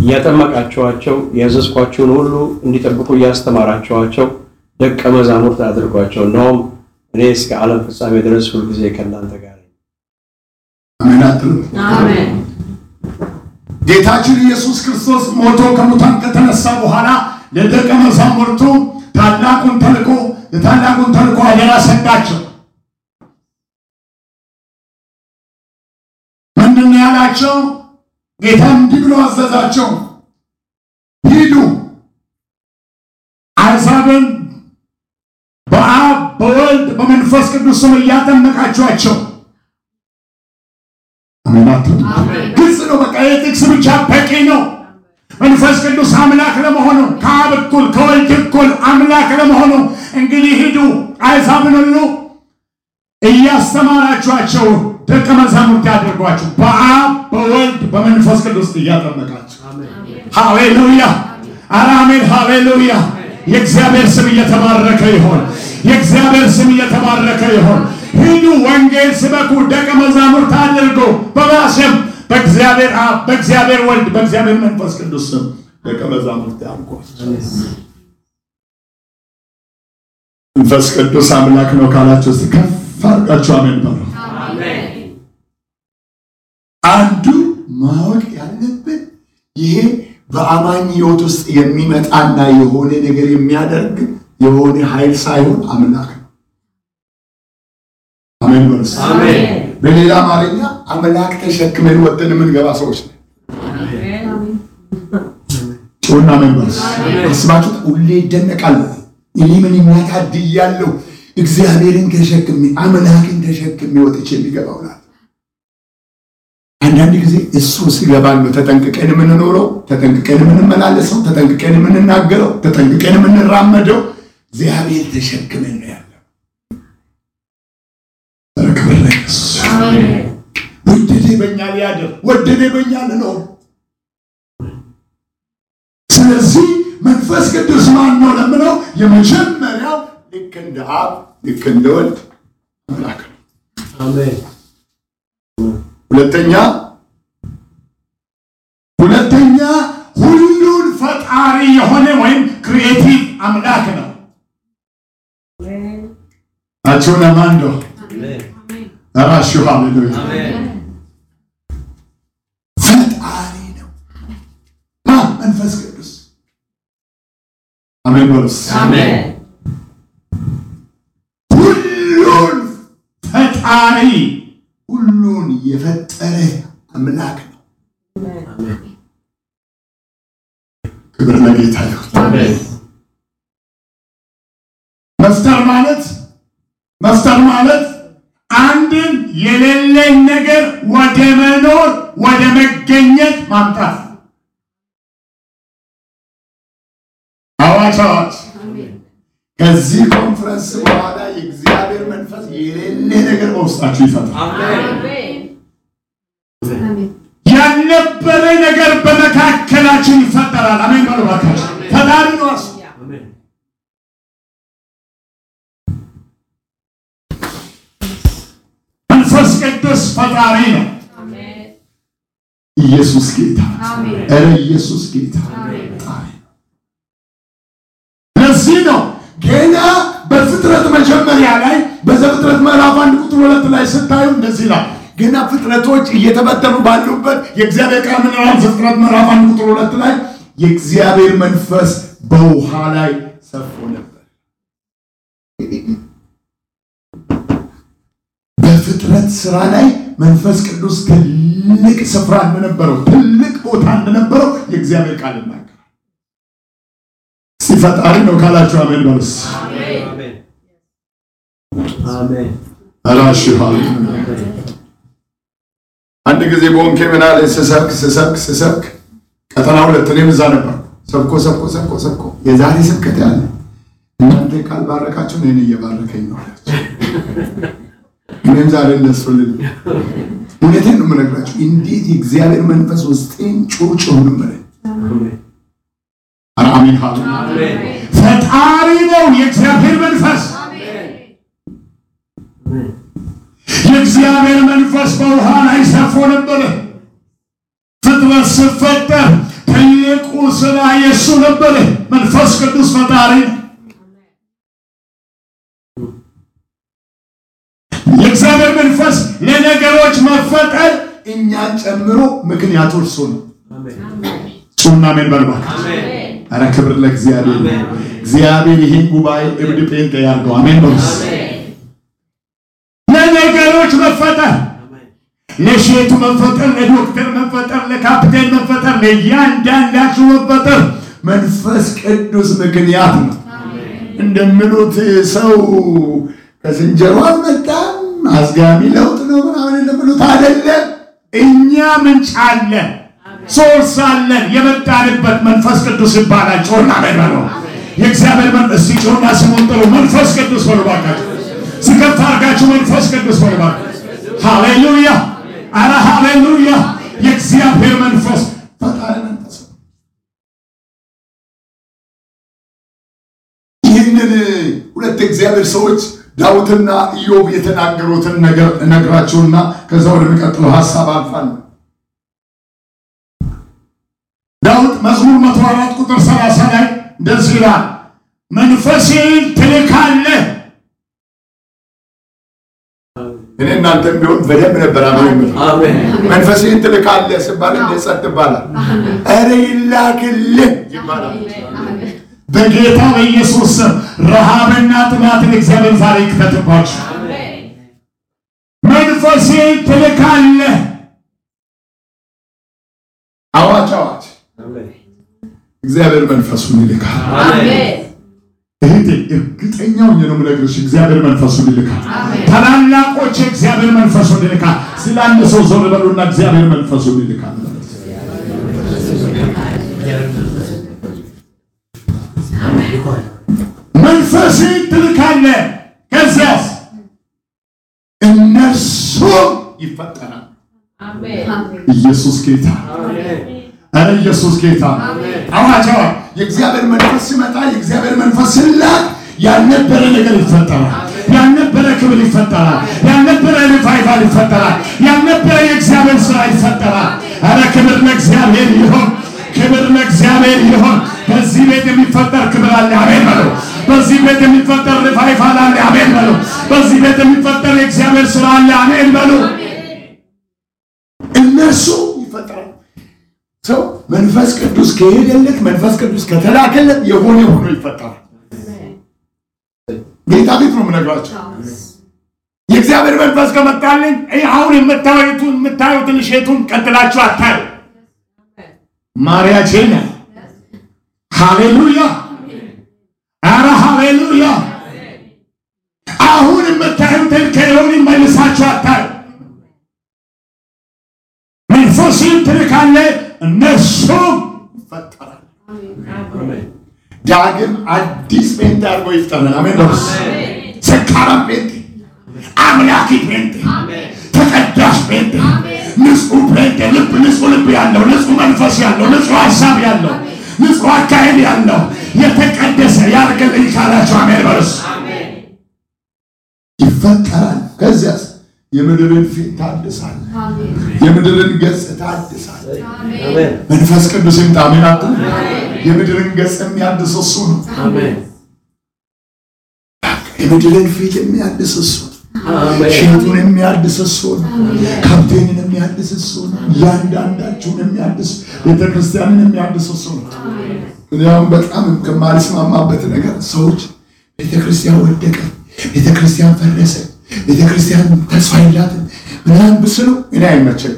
እያጠመቃቸዋቸው ያዘዝኳችሁን ሁሉ እንዲጠብቁ እያስተማራቸዋቸው ደቀ መዛሙርት አድርጓቸው። እነሆም እኔ እስከ ዓለም ፍጻሜ ድረስ ሁልጊዜ ከእናንተ ጋር አሜን ጌታችን ኢየሱስ ክርስቶስ ሞቶ ከሙታን ከተነሳ በኋላ ለደቀ መዛሙርቱ ታላቁን ተልእኮ የታላቁን ተልእኮ አደራ ሰጣቸው። ሲልካቸው ጌታ እንዲህ ብሎ አዘዛቸው፣ ሂዱ አሕዛብን በአብ በወልድ በመንፈስ ቅዱስ ስም እያጠመቃችኋቸው። ግልጽ ነው። በቃ የጥቅስ ብቻ በቂ ነው። መንፈስ ቅዱስ አምላክ ለመሆኑ ከአብ እኩል ከወልድ እኩል አምላክ ለመሆኑ እንግዲህ ሂዱ አሕዛብን ሁሉ እያስተማራችኋቸው ደቀ መዛሙርት ያደርጓችሁ በአብ በወልድ በመንፈስ ቅዱስ እያጠመቃችሁ። ሃሌሉያ! ኧረ አሜን! ሃሌሉያ! የእግዚአብሔር ስም እየተባረከ ይሆን። የእግዚአብሔር ስም እየተባረከ ይሆን። ሂዱ፣ ወንጌል ስበኩ፣ ደቀ መዛሙርት አድርጎ በባስም በእግዚአብሔር አብ በእግዚአብሔር ወልድ በእግዚአብሔር መንፈስ ቅዱስ ስም ደቀ መዛሙርት ያድርጓችሁ። መንፈስ ቅዱስ አምላክ ነው ካላቸው ከፍ አድርጋችሁ አሜን በሉ። ማወቅ ያለብን ይሄ በአማኝ ህይወት ውስጥ የሚመጣና የሆነ ነገር የሚያደርግ የሆነ ኃይል ሳይሆን አምላክ ነው። አሜን በሌላ አማርኛ አምላክ ተሸክመን ወጥተን የምንገባ ሰዎች ነው። ጮና መንበርስ በርስ አስባችሁት ሁሌ ይደነቃል። እኔ ምን የሚያታድያለሁ እግዚአብሔርን ተሸክሜ አምላክን ተሸክሜ ወጥቼ የሚገባውላል አንዳንድ ጊዜ እሱ ሲገባን ነው ተጠንቅቀን የምንኖረው፣ ተጠንቅቀን የምንመላለሰው፣ ተጠንቅቀን የምንናገረው፣ ተጠንቅቀን የምንራመደው እግዚአብሔር ተሸክመን ነው ያለው። ወደዴ በኛ ሊያደር ወደዴ በኛ ልኖር። ስለዚህ መንፈስ ቅዱስ ማን ነው ለምለው፣ የመጀመሪያው ልክ እንደ አብ ልክ እንደ ወልድ አምላክ ነው። ሁለተኛ Ameona mando ራሱ ሃሌሉያ ፈጣሪ ነው። መንፈስ ቅዱስ አሜን በሉስ። ሁሉን ፈጣሪ ሁሉን የፈጠረ አምላክ ነው። ክብር ለጌታ ይሁን። መፍጠር ማለት መፍጠር ማለት አንድን የሌለኝ ነገር ወደ መኖር ወደ መገኘት ማምጣት። አዋቻዋች ከዚህ ኮንፈረንስ በኋላ የእግዚአብሔር መንፈስ የሌለ ነገር በውስጣችሁ ይፈጥራል። ያልነበረ ነገር በመካከላችን ይፈጠራል። አሜን በሉ እባካችሁ። ፈጣሪ ነው ፈጣሪ ነው። ኢየሱስ ጌታ፣ ኧረ ኢየሱስ ጌታ ለዚህ ነው ገና በፍጥረት መጀመሪያ ላይ በዘፍጥረት ምዕራፍ አንድ ቁጥር ሁለት ላይ ስታዩ እንደዚህ ይላል። ገና ፍጥረቶች እየተበተኑ ባሉበት የእግዚአብሔር ቃል ምን ይላል? ዘፍጥረት ምዕራፍ አንድ ቁጥር ሁለት ላይ የእግዚአብሔር መንፈስ በውሃ ላይ ሰፎ ነበር። በሐዋርያት ስራ ላይ መንፈስ ቅዱስ ትልቅ ስፍራ እንደነበረው ትልቅ ቦታ እንደነበረው የእግዚአብሔር ቃል ይናገራል። እስቲ ፈጣሪ ነው ካላችሁ አሜን በሉስ። ራሽ አንድ ጊዜ በወንኬ ምና ላይ ስሰብክ ስሰብክ ስሰብክ ቀጠና ሁለት እኔም እዛ ነበር። ሰብኮ ሰብኮ ሰብኮ ሰብኮ የዛሬ ስብከት ያለ እናንተ ቃል ባረካችሁ እኔን እየባረከኝ ነው አላቸው። እኔም ዛሬ እንደሱልኝ እውነቴን ነው የምነግራቸው። እንዴት የእግዚአብሔር መንፈስ ውስጤን ጩጭ ሆንም በለኝ። አሜን ሀሉ ፈጣሪ ነው የእግዚአብሔር መንፈስ። የእግዚአብሔር መንፈስ በውሃ ላይ ሰፎ ነበረ። ፍጥረት ስፈጠር ትልቁ ስራ የእሱ ነበረ። መንፈስ ቅዱስ ፈጣሪ ነው። እኛ ጨምሮ ምክንያቱ እርሱ ነው። ጩና ሜን በልባት። አረ ክብር ለእግዚአብሔር። እግዚአብሔር ይህን ጉባኤ እብድ ጴንጤ ያርገው። አሜን በሉስ። ለነገሮች መፈጠር ለሼቱ መፈጠር ለዶክተር መፈጠር ለካፕቴን መፈጠር ለእያንዳንዳችሁ መፈጠር መንፈስ ቅዱስ ምክንያት ነው እንደምሉት ሰው ከዝንጀሮ አልመጣም። አዝጋሚ ለውጥ ነው ምናምን እንደምሉት አይደለም። እኛ ምንጭ አለን፣ ሶርስ አለን። የመጣንበት መንፈስ ቅዱስ ይባላል። ጮና በሉ የእግዚአብሔር መንፈስ ጮና ስሙን ጥሩ መንፈስ ቅዱስ በሉ ባካችሁ፣ አርጋችሁ መንፈስ ቅዱስ በሉ ባካችሁ። ሃሌሉያ! አረ ሃሌሉያ! የእግዚአብሔር መንፈስ ፈጣሪ መንፈስ ይህንን ሁለት እግዚአብሔር ሰዎች ዳዊትና ኢዮብ የተናገሩትን ነገር እነግራችሁና ከዛ ወደሚቀጥለው ሀሳብ አልፋለሁ። ዳዊት መዝሙር መቶ አራት ቁጥር ሰላሳ ላይ እንደዚህ ይላል፣ መንፈሴን ትልካለህ። እኔ እናንተ ቢሆን በደንብ ነበር አ መንፈስህን ትልካለህ ስባል እንደ ጸጥ ይባላል። ኧረ ይላክልህ ይባላል በጌታ በኢየሱስ ረሃብና ጥማትን እግዚአብሔር ዛሬ ይክፈትባችሁ። መንፈሴ ትልካለህ። አዋጅ አዋጅ! እግዚአብሔር መንፈሱን ይልካል። እህቴ እርግጠኛው ነው የምነግርሽ፣ እግዚአብሔር መንፈሱን ይልካል። ታላላቆች፣ እግዚአብሔር መንፈሱን ይልካል። ስለ አንድ ሰው ዞር በሉና እግዚአብሔር መንፈሱን ይልካል። አለ። ከዚያስ እነርሱ ይፈጠራል። ኢየሱስ ጌታ፣ አረ ኢየሱስ ጌታ። አዋጅ የእግዚአብሔር መንፈስ ሲመጣ የእግዚአብሔር መንፈስ ሲላክ ያልነበረ ነገር ይፈጠራል። ያልነበረ ክብር ይፈጠራል። ያልነበረ ሪቫይቫል ይፈጠራል። ያልነበረ የእግዚአብሔር ስራ ይፈጠራል። አረ ክብር ለእግዚአብሔር ይሁን፣ ክብር ለእግዚአብሔር ይሁን። በዚህ ቤት የሚፈጠር ክብር አለ። አሜን በሉ። በዚህ ቤት የሚፈጠር ሪቫይቫል አለ። አሜን በሉ። በዚህ ቤት የሚፈጠር የእግዚአብሔር ስራ አለ። አሜን በሉ። እነርሱ ይፈጠራል። ሰው መንፈስ ቅዱስ ከሄደለት መንፈስ ቅዱስ ከተላከለት የሆነ ሆኖ ይፈጠራል። ጌታ ቤት ነው የምነግራቸው። የእግዚአብሔር መንፈስ ከመጣልኝ አሁን የምታዩት የምታዩትን እሸቱን ቀጥላችሁ አታዩ ማርያቼ ሃሌሉያ ሃሌሉያ። አሁን የምታዩትን ከሆን መልሳችሁ አታዩ። መንፈስን ትልካለ፣ እነሱም ይፈጠራል። ዳግም አዲስ ጴንጤ አድርጎ ይፍጠረን። አሜን። ሰካራም ጴንጤ፣ አምላኪ ጴንጤ፣ ተቀዳሽ ጴንጤ፣ ንጹህ ጴንጤ፣ ልብ ንጹህ ልብ ያለው፣ ንጹህ መንፈስ ያለው፣ ንጹህ ሀሳብ ያለው፣ ንጹህ አካሄድ ያለው የተቀደሰ ያርገልኝ ካላቸው አሜን በርስ ይፈጠራል። ከዚያስ የምድርን ፊት ታድሳል። የምድርን ገጽ ታድሳል። መንፈስ ቅዱስ ይምጣ። አሜን የምድርን ገጽ የሚያድስ እሱ ነው። የምድርን ፊት የሚያድስ እሱ ሽንቱን የሚያድስ እሱ ነው። ካፕቴንን የሚያድስ እሱ ነው። እያንዳንዳችሁን የሚያድስ ቤተክርስቲያንን የሚያድስ እሱ ነው። እንዲያውም በጣም ከማልስማማበት ነገር ሰዎች ቤተክርስቲያን ወደቀ፣ ቤተክርስቲያን ፈረሰ፣ ቤተክርስቲያን ተስፋ የላትም ምናምን ብስሉ እኔ አይመቸኝ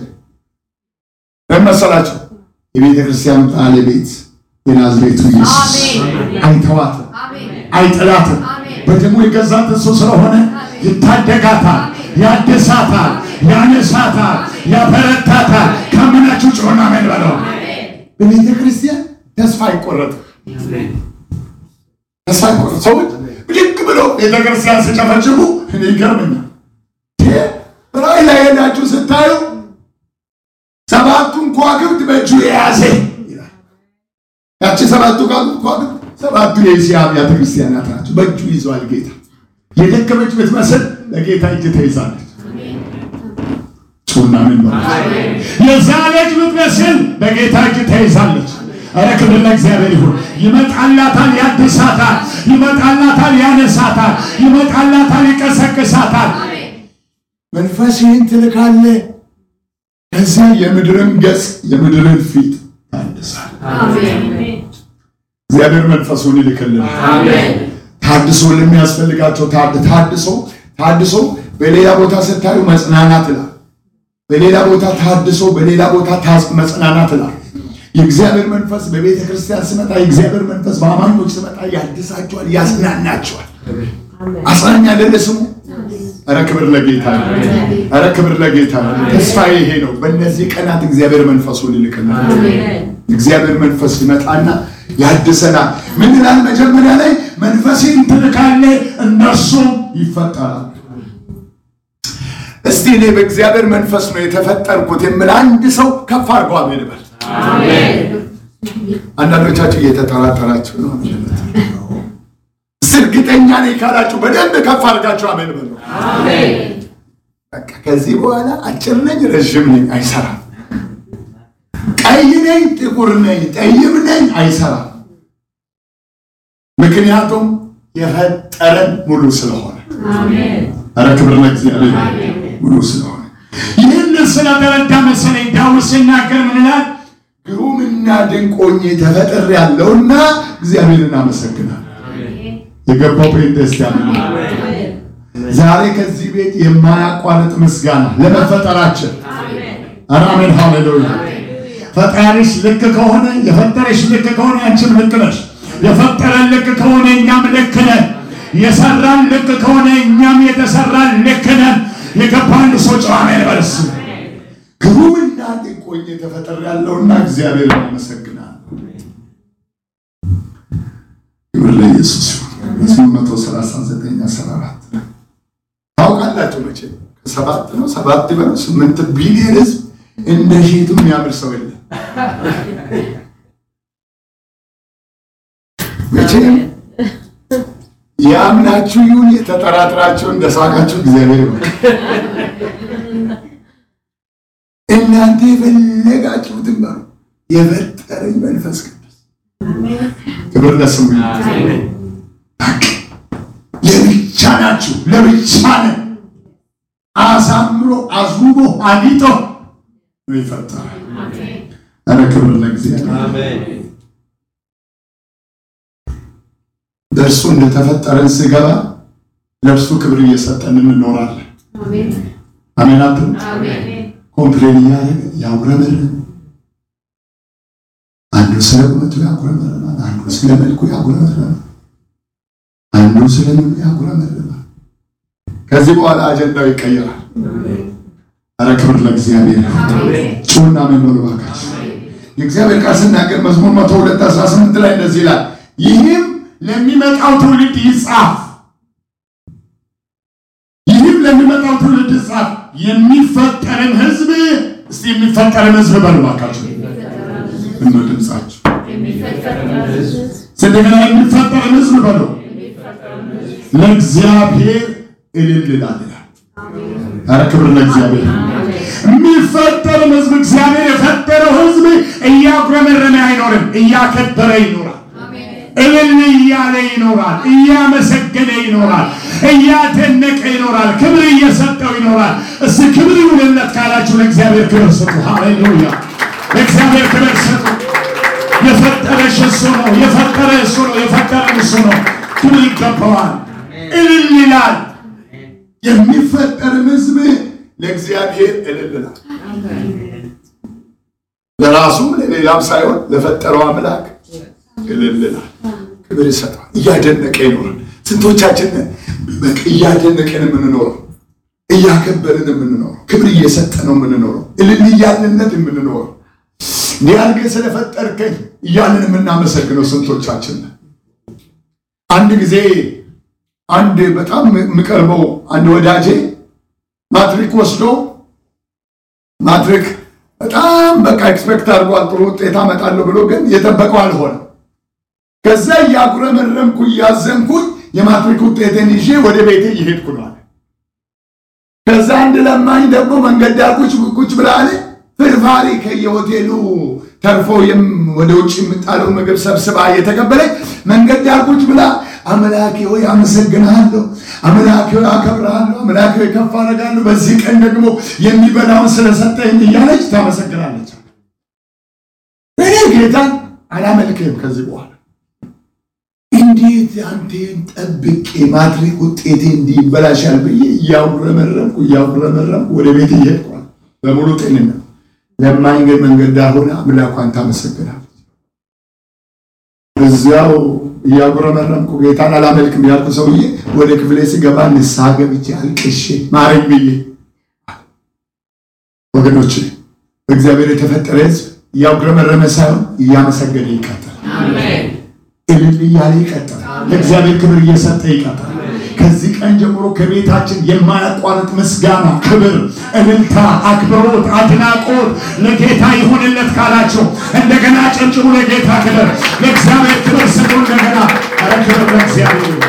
መመሰላቸው የቤተክርስቲያን ባለቤት የናዝሬቱ ኢየሱስ አይተዋትም፣ አይጠላትም በደሙ የገዛት እሱ ስለሆነ ይታደጋታል፣ ያድሳታል፣ ያነሳታል፣ ያበረታታል። ከምናችሁ ጮና ምን በለው። በቤተ ክርስቲያን ተስፋ አይቆረጥም። ተስፋ አይቆረጥ ሰዎች ልክ ብሎ ቤተ ክርስቲያን ስጨፈጭፉ እኔ ይገርምኛል። ራእይ ላይ ሄዳችሁ ስታዩ ሰባቱን ከዋክብት በእጁ የያዘ ያቺ ሰባቱ ካሉ ከዋክብት ሰባቱ የእስያ አብያተ ክርስቲያናት ናቸው። በእጁ ይዘዋል ጌታ የደከመች ብትመስል ለጌታ እጅ ተይዛለች። ጩና ምን የዛለች ብትመስል በጌታ እጅ ተይዛለች። ኧረ ክብር ለእግዚአብሔር ይሁን። ይመጣላታል፣ ያድሳታል። ይመጣላታል፣ ያነሳታል። ይመጣላታል፣ ይቀሰቅሳታል። መንፈስህን ትልካለህ። ከዚያ የምድርን ገጽ የምድርን ፊት ታድሳል። እግዚአብሔር መንፈሱን ይልክልን። ታድሶ ለሚያስፈልጋቸው ታድሶ ታድሶ በሌላ ቦታ ስታዩ መጽናናት ይላል። በሌላ ቦታ ታድሶ በሌላ ቦታ መጽናናት ላ የእግዚአብሔር መንፈስ በቤተ ክርስቲያን ስመጣ የእግዚአብሔር መንፈስ በአማኞች ስመጣ ያድሳቸዋል፣ ያጽናናቸዋል። አጽናኝ አይደለ ስሙ? ኧረ ክብር ለጌታ ነው። ኧረ ክብር ለጌታ ነው። ተስፋዬ ይሄ ነው። በእነዚህ ቀናት እግዚአብሔር መንፈሱን ይልክና እግዚአብሔር መንፈስ ይመጣና ያድሰናል። ምን ይላል መጀመሪያ ላይ መንፈሴን ትልካለ እነርሱም ይፈጠራል። እስቲ እኔ በእግዚአብሔር መንፈስ ነው የተፈጠርኩት የምል አንድ ሰው ከፍ አድርጎ አሜን በል። አንዳንዶቻችሁ እየተጠራጠራችሁ ነው። እርግጠኛ ነኝ ካላችሁ በደንብ ከፍ አድርጋችሁ አሜን በሉ። ከዚህ በኋላ አጭር ነኝ ረዥም ነኝ አይሰራም። ቀይ ነኝ ጥቁር ነኝ ጠይም ነኝ አይሰራም። ምክንያቱም የፈጠረን ሙሉ ስለሆነ፣ ኧረ ክብር ለእግዚአብሔር ሙሉ ስለሆነ ይህን ስለተረዳ መሰለኝ ዳዊት ሲናገር ምን ይላል? ግሩምና ድንቆኝ ተፈጥር ያለውና እግዚአብሔርን አመሰግናል። የገባው ፔንቴስቲያን ዛሬ ከዚህ ቤት የማያቋርጥ ምስጋና ለመፈጠራችን። ኧረ አሜን ሃሌሉያ። ፈጣሪሽ ልክ ከሆነ የፈጠረሽ ልክ ከሆነ አንቺም ልክ ነሽ። የፈጠረን ልክ ከሆነ እኛም ልክ ነን። የሰራን ልክ ከሆነ እኛም የተሰራን ልክ ነን። የገባን ሰው ጨዋማ ይበርስ ግሩም እንዳንድ ቆኝ ተፈጠር ያለውና እግዚአብሔር ያመሰግናል። ይሁን ለኢየሱስ ይሁን። መዝሙር መቶ ሰላሳ ዘጠኝ አስራ አራት ታውቃላችሁ መቼ ሰባት ነው ሰባት በ ስምንት ቢሊዮን ህዝብ እንደ ሺቱ የሚያምር ሰው የለም። ሁላችንም ያምናችሁ ይሁን ተጠራጥራችሁ እንደሳቃችሁ እግዚአብሔር ነው። እናንተ የፈለጋችሁትን በሩ የፈጠረኝ መንፈስ ቅዱስ ክብር ለሱ። ለብቻ ናችሁ፣ ለብቻ ነን። አሳምሮ አዙቦ አጊጦ ነው ይፈጠራል። አረ ክብር ለእግዚአብሔር። በእርሱ እንደተፈጠረን ስገባ ለእርሱ ክብር እየሰጠን እንኖራለን። አሜን። አብ ኮምፕሌን እያደረገ ያጉረመረመ አንዱ ስለ ቁመቱ ያጉረመረማል፣ አንዱ ስለ መልኩ ያጉረመረማል፣ አንዱ ስለ ምኑ ያጉረመረማል። ከዚህ በኋላ አጀንዳው ይቀየራል። አረ ክብር ለእግዚአብሔር። ጩና መኖር ባካች የእግዚአብሔር ቃል ስናገር መዝሙር መቶ ሁለት አስራ ስምንት ላይ እንደዚህ ይላል ይህም ለሚመጣው ትውልድ ይጻፍ፣ ይህም ለሚመጣው ትውልድ ይጻፍ። የሚፈጠርን ህዝብ እስቲ የሚፈጠርን ህዝብ በልባካችሁ እና ድምጻችሁ እንደገና የሚፈጠርን ህዝብ በሉ ለእግዚአብሔር እልልላል ይላል። ኧረ ክብር ለእግዚአብሔር። የሚፈጠርን ህዝብ እግዚአብሔር የፈጠረው ህዝብ እያጉረመረመ አይኖርም፣ እያከበረ ይኖራል። እልል እያለ ይኖራል፣ እያመሰገነ ይኖራል፣ እያደነቀ ይኖራል፣ ክብር እየሰጠው ይኖራል። እስ ክብር ይውልለት ካላችሁ ለእግዚአብሔር ክብር ስጡ። ሃሌሉያ! ለእግዚአብሔር ክብር ስጡ። የፈጠረሽ እሱ ነው። የፈጠረ እሱ ነው። የፈጠረ እሱ ነው። ክብር ይገባዋል። እልል ይላል። የሚፈጠርም ህዝብ ለእግዚአብሔር እልልናል። ለራሱም ለሌላም ሳይሆን ለፈጠረው አምላክ እልልናል፣ ክብር ይሰጠዋል። እያደነቀ ይኖራል። ስንቶቻችን እያደነቀን የምንኖረው እያከበርን የምንኖረው ክብር እየሰጠ ነው የምንኖረው እልል እያልንነት የምንኖረው እንዲህ አድርገህ ስለፈጠርከኝ እያልን የምናመሰግነው ስንቶቻችን አንድ ጊዜ አንድ በጣም የምቀርበው አንድ ወዳጄ ማትሪክ ወስዶ ማትሪክ በጣም በቃ ኤክስፔክት አድርጓል ጥሩ ውጤት አመጣለሁ ብሎ ግን የጠበቀው አልሆነም? ከዛ እያጉረመረምኩ እያዘንኩኝ የማትሪክ ውጤትን ይዤ ወደ ቤቴ እየሄድኩ ነው አለ። ከዛ አንድ ለማኝ ደግሞ መንገድ ዳር ቁጭ ብላ አለ ፍርፋሪ ከየሆቴሉ ተርፎ ወደ ውጭ የምጣለው ምግብ ሰብስባ እየተቀበለች መንገድ ዳር ቁጭ ብላ አምላኬ ሆይ አመሰግናለሁ፣ አምላኬ ሆይ አከብርሃለሁ፣ አምላኬ ሆይ ከፍ አደርጋለሁ፣ በዚህ ቀን ደግሞ የሚበላውን ስለሰጠኝ እያለች ታመሰግናለች። እኔ ጌታን አላመልክም ከዚህ በኋላ አንቴን ጠብቄ ማትሪክ ውጤቴ እንዲበላሻል ብዬ እያጉረመረምኩ እያጉረመረምኩ ወደ ቤት እየሄድኳል በሙሉ ጤንነት። ለማኝ ግን መንገድ ዳር ሆና አምላኳን ታመሰግናለች። እዚያው እያጉረመረምኩ ጌታን አላመልክም ያልኩ ሰውዬ ወደ ክፍሌ ስገባ ንስሐ ገብቼ አልቅሼ ማረኝ ብዬ ወገኖች፣ እግዚአብሔር የተፈጠረ ሕዝብ እያጉረመረመ ሳይሆን እያመሰገደ ይቀጥላል። እልል እያለ ይቀጥል። ለእግዚአብሔር ክብር እየሰጠ ይቀጥል። ከዚህ ቀን ጀምሮ ከቤታችን የማያቋርጥ ምስጋና፣ ክብር፣ እልልታ፣ አክብሮት፣ አድናቆት ለጌታ ይሁንለት ካላቸው እንደገና ጨብጭቡ። ለጌታ ክብር፣ ለእግዚአብሔር ክብር እንደገና ኧረ ክብር ለእግዚአብሔር፣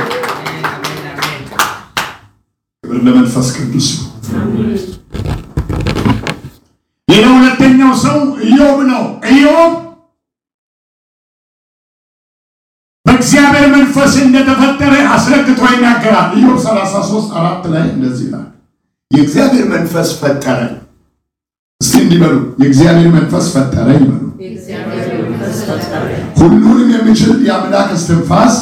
ክብር ለመንፈስ ቅዱስ። ሌላ ሁለተኛው ሰው ኢዮብ ነው። ኢዮብ በእግዚአብሔር መንፈስ እንደተፈጠረ አስረግቶ ይናገራል። ኢዮብ 33 አራት ላይ እንደዚህ ይላል የእግዚአብሔር መንፈስ ፈጠረ። እስቲ እንዲበሉ የእግዚአብሔር መንፈስ ፈጠረ ይበሉ። ሁሉንም የሚችል የአምላክ እስትንፋስ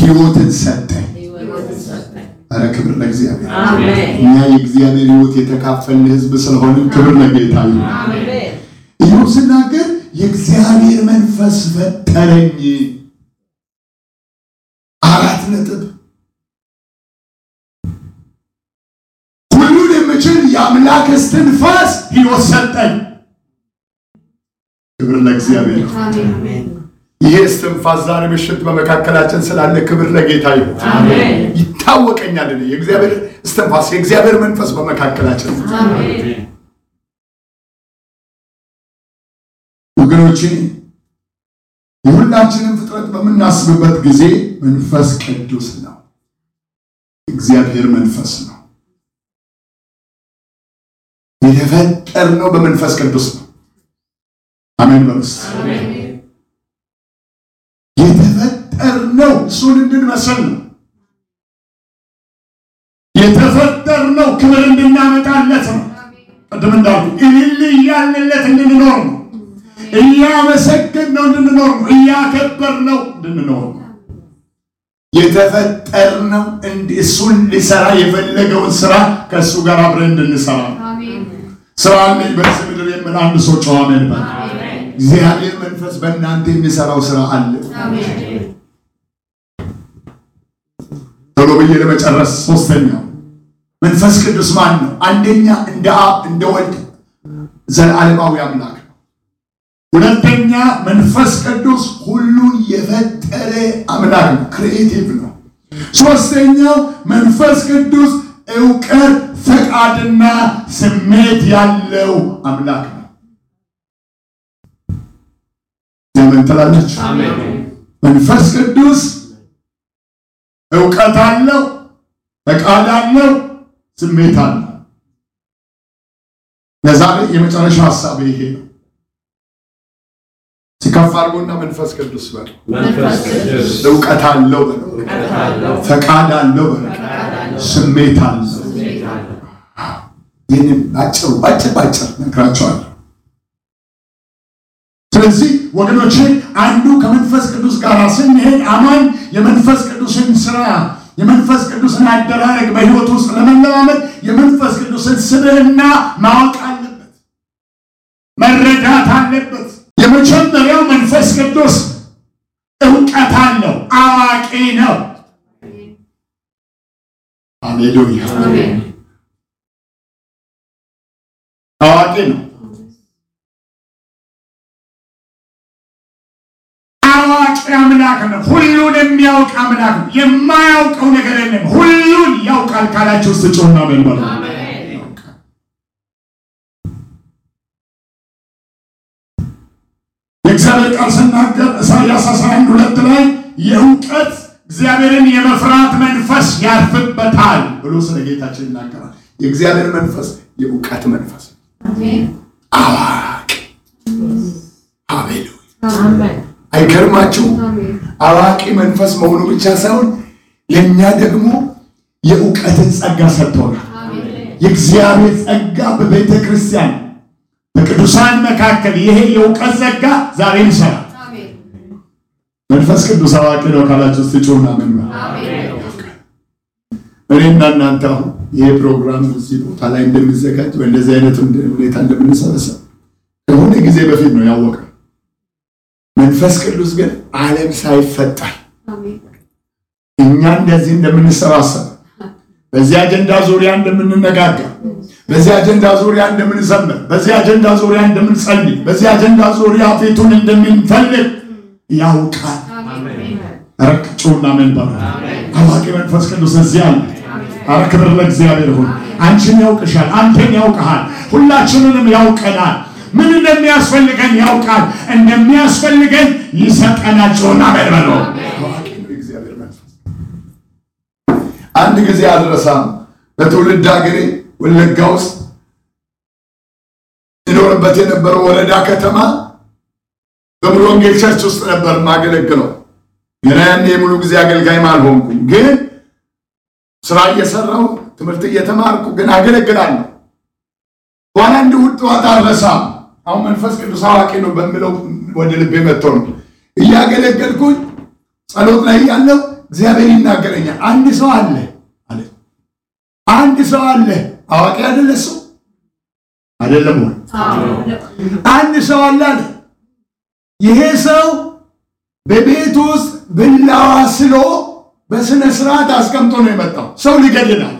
ህይወትን ሰጠ። አረ ክብር ለእግዚአብሔር። እኛ የእግዚአብሔር ህይወት የተካፈልን ህዝብ ስለሆንም ክብር ለጌታ ይሁን። ኢዮብ ሲናገር የእግዚአብሔር መንፈስ ፈጠረኝ። አራት ነጥብ። ሁሉን የምችል የአምላክ እስትንፋስ ሕይወት ሰጠኝ። ክብር ለእግዚአብሔር። ይህ እስትንፋስ ዛሬ ምሽት በመካከላችን ስላለ ክብር ለጌታ ይሁን። ይታወቀኛል የእግዚአብሔር እስትንፋስ፣ የእግዚአብሔር መንፈስ በመካከላችን ወገኖቼ የሁላችንም ፍጥረት በምናስብበት ጊዜ መንፈስ ቅዱስ ነው። እግዚአብሔር መንፈስ ነው። ነው በመንፈስ ቅዱስ ነው። አሜን የተፈጠር ነው እሱን እንድንመስል ነው። ነው ክብር እንድናመጣለት ነው። ቅድም እንዳሉ እልል እያልንለት እንድንኖር ነው። እያመሰገን ነው እንድንኖር ነው። እያከበር ነው እንድንኖር ነው። የተፈጠርነው እሱን ሊሰራ የፈለገውን ስራ ከእሱ ጋር አብረን እንድንሰራ ስራ ነኝ በዚህ ምድር የምን አንድ ሰው ጨዋ መልባት እግዚአብሔር መንፈስ በእናንተ የሚሰራው ስራ አለ። ቶሎ ብዬ ለመጨረስ ሶስተኛው መንፈስ ቅዱስ ማን ነው? አንደኛ እንደ አብ እንደ ወልድ ዘለዓለማዊ አምላክ ሁለተኛ መንፈስ ቅዱስ ሁሉን የፈጠረ አምላክ ነው፣ ክሪኤቲቭ ነው። ሶስተኛው መንፈስ ቅዱስ እውቀት፣ ፈቃድና ስሜት ያለው አምላክ ነው። ትላለች። መንፈስ ቅዱስ እውቀት አለው፣ ፈቃድ አለው፣ ስሜት አለው። ለዛሬ የመጨረሻ ሀሳብ ይሄ ነው። ከፍ አድርጎና መንፈስ ቅዱስ በል። እውቀት አለው በለው፣ ፈቃድ አለው በለው፣ ስሜት አለው። ይህን ባጭሩ ባጭር ባጭር ነግራቸዋል። ስለዚህ ወገኖቼ አንዱ ከመንፈስ ቅዱስ ጋር ስንሄድ አማኝ የመንፈስ ቅዱስን ስራ የመንፈስ ቅዱስን አደራረግ በህይወት ውስጥ ለመለማመድ የመንፈስ ቅዱስን ስብህና ማወቅ አለበት፣ መረዳት አለበት። የመጀመሪያው መንፈስ ቅዱስ እውቀት አለው፣ አዋቂ ነው። አሌሉያ አዋቂ ነው። አዋቂ አምላክ ነው። ሁሉን የሚያውቅ አምላክ ነው። የማያውቀው ነገር የለም። ሁሉን ያውቃል ካላችሁ ስጮና በልበሉ የእግዚአብሔር ቃል ስናገር ኢሳይያስ 11 ሁለት ላይ የእውቀት እግዚአብሔርን የመፍራት መንፈስ ያርፍበታል ብሎ ስለ ጌታችን ይናገራል። የእግዚአብሔር መንፈስ የእውቀት መንፈስ አዋቂ አቤሉ አይገርማችሁ። አዋቂ መንፈስ መሆኑ ብቻ ሳይሆን ለእኛ ደግሞ የእውቀትን ጸጋ ሰጥቶናል። የእግዚአብሔር ጸጋ በቤተ ክርስቲያን በቅዱሳን መካከል ይሄ የእውቀት ዘጋ ዛሬ ይሰራል። መንፈስ ቅዱስ አዋቂ ነው ካላችሁ እስቲ ምን ነው እኔና እናንተ አሁን ይሄ ፕሮግራም እዚህ ቦታ ላይ እንደሚዘጋጅ በእንደዚህ አይነት ሁኔታ እንደምንሰበሰብ ከሆነ ጊዜ በፊት ነው ያወቀ። መንፈስ ቅዱስ ግን ዓለም ሳይፈጠር እኛ እንደዚህ እንደምንሰባሰብ በዚህ አጀንዳ ዙሪያ እንደምንነጋገር በዚህ አጀንዳ ዙሪያ እንደምንዘምር፣ በዚህ አጀንዳ ዙሪያ እንደምንጸልይ፣ በዚህ አጀንዳ ዙሪያ ፊቱን እንደምንፈልግ ያውቃል። ረቅጩና መንበር አዋቂ መንፈስ ቅዱስ እዚያ አለ። አረ ክብር ለእግዚአብሔር ይሁን። አንቺን ያውቅሻል፣ አንተን ያውቅሃል፣ ሁላችንንም ያውቀናል። ምን እንደሚያስፈልገን ያውቃል። እንደሚያስፈልገን ይሰጠናል። ጮና በልበሎ አንድ ጊዜ አልረሳም በትውልድ ሀገሬ ወለጋ ውስጥ እኖርበት የነበረው ወረዳ ከተማ በሙሉ ወንጌል ቸርች ውስጥ ነበር ማገለግለው። ገና ያኔ የሙሉ ጊዜ አገልጋይም አልሆንኩም፣ ግን ስራ እየሰራው ትምህርት እየተማርኩ ግን አገለግላለሁ። በኋላ እንዲሁ ጠዋት አልረሳም። አሁን መንፈስ ቅዱስ አዋቂ ነው በሚለው ወደ ልቤ መጥቶ ነው እያገለገልኩኝ ጸሎት ላይ ያለው እግዚአብሔር ይናገረኛል። አንድ ሰው አለ አለ አንድ ሰው አለ አዋቂ አይደለ ሰው አይደለም ወይ? አንድ ሰው አለ ይሄ ሰው በቤት ውስጥ ብላዋ ስሎ በስነ ስርዓት አስቀምጦ ነው የመጣው። ሰው ሊገድላል።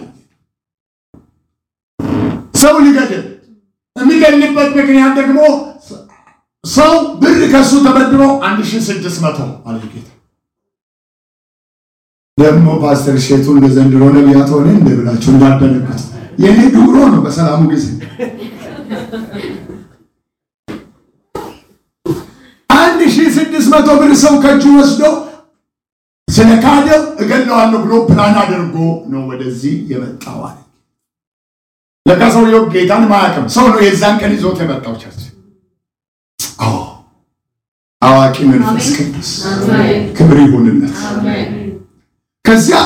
ሰው ሊገድል የሚገድልበት ምክንያት ደግሞ ሰው ብር ከሱ ተበድሮ 1600 አለ ጌታ። ደግሞ ፓስተር ሼቱ ለዘንድሮ ነቢያት ሆነ እንደብላችሁ እንዳደነበት የኔ ድሮ ነው። በሰላሙ ጊዜ አንድ ሺህ ስድስት መቶ ብር ሰው ከእጁ ወስዶ ስለ ካደው እገለዋለሁ ብሎ ፕላን አድርጎ ነው ወደዚህ የመጣዋል። ለካ ሰውየው ጌታን ማያውቅም ሰው ነው። የዛን ቀን ይዞት የመጣው ቸርች አዋቂ መንፈስ ቅዱስ ክብር ይሁንለት። ከዚያ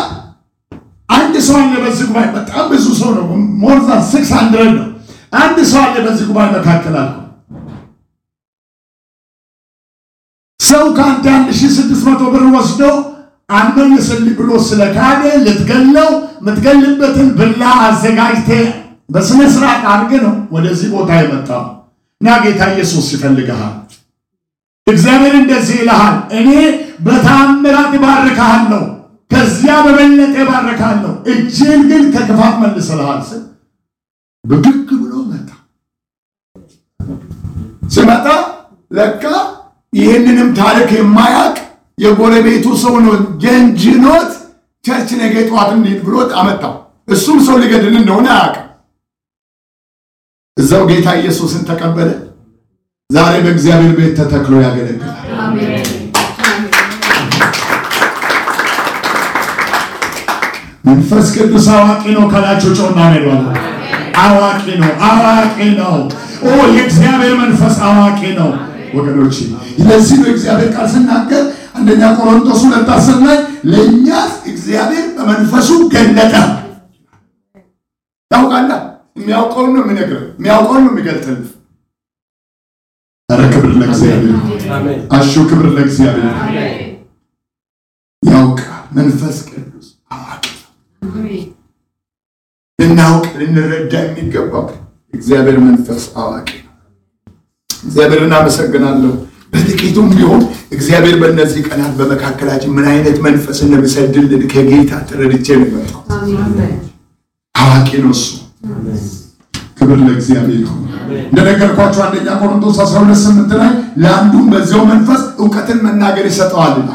ሰው አለ በዚህ ጉባኤ፣ በጣም ብዙ ሰው ነው። ሞር ዛን ሲክስ ሀንድረድ ነው። አንድ ሰው አለ በዚህ ጉባኤ መካከል አለ ሰው ከአንተ አንድ ሺህ ስድስት መቶ ብር ወስዶ አንመልስል ብሎ ስለካደ ልትገለው የምትገልበትን ብላ አዘጋጅቴ በስነ ስርዓት አድርገ ነው ወደዚህ ቦታ የመጣው እና ጌታ ኢየሱስ ይፈልግሃል። እግዚአብሔር እንደዚህ ይልሃል፣ እኔ በታምራት ይባርካሃል ነው ከዚያ በበለጠ ባረካለሁ፣ እጅን ግን ከክፋት መልሰልሃል ስል ብድግ ብሎ መጣ። ስመጣ ለካ ይህንንም ታሪክ የማያውቅ የጎረቤቱ ሰው ነው ገንጅኖት ቸርች ነገ ጠዋት እንሂድ ብሎት አመጣው። እሱም ሰው ሊገድል እንደሆነ አያውቅም። እዛው ጌታ ኢየሱስን ተቀበለ። ዛሬ በእግዚአብሔር ቤት ተተክሎ ያገለግላል። መንፈስ ቅዱስ አዋቂ ነው ካላችሁ ጮና ነው። አዋቂ ነው፣ አዋቂ ነው። ኦ የእግዚአብሔር መንፈስ አዋቂ ነው ወገኖች። ለዚህ ነው እግዚአብሔር ቃል ስናገር አንደኛ ቆሮንቶስ ሁለት አስር ላይ ለእኛ እግዚአብሔር በመንፈሱ ገለጠ። ታውቃላ የሚያውቀውን ነው የሚነግረው፣ የሚያውቀውን ነው የሚገልጥል። ኧረ ክብር ለእግዚአብሔር አሹ፣ ክብር ለእግዚአብሔር። ያውቃል መንፈስ ልናውቅ ልንረዳ የሚገባው እግዚአብሔር መንፈስ አዋቂ ነው። እግዚአብሔር እናመሰግናለሁ። በጥቂቱም ቢሆን እግዚአብሔር በእነዚህ ቀናት በመካከላችን ምን አይነት መንፈስ እንደሚሰድልን ከጌታ ተረድቼ ንመጣው አዋቂ ነው እሱ። ክብር ለእግዚአብሔር ይሁን። እንደነገርኳቸው አንደኛ ቆሮንቶስ አስራ ሁለት ስምንት ላይ ለአንዱም በዚያው መንፈስ እውቀትን መናገር ይሰጠዋልና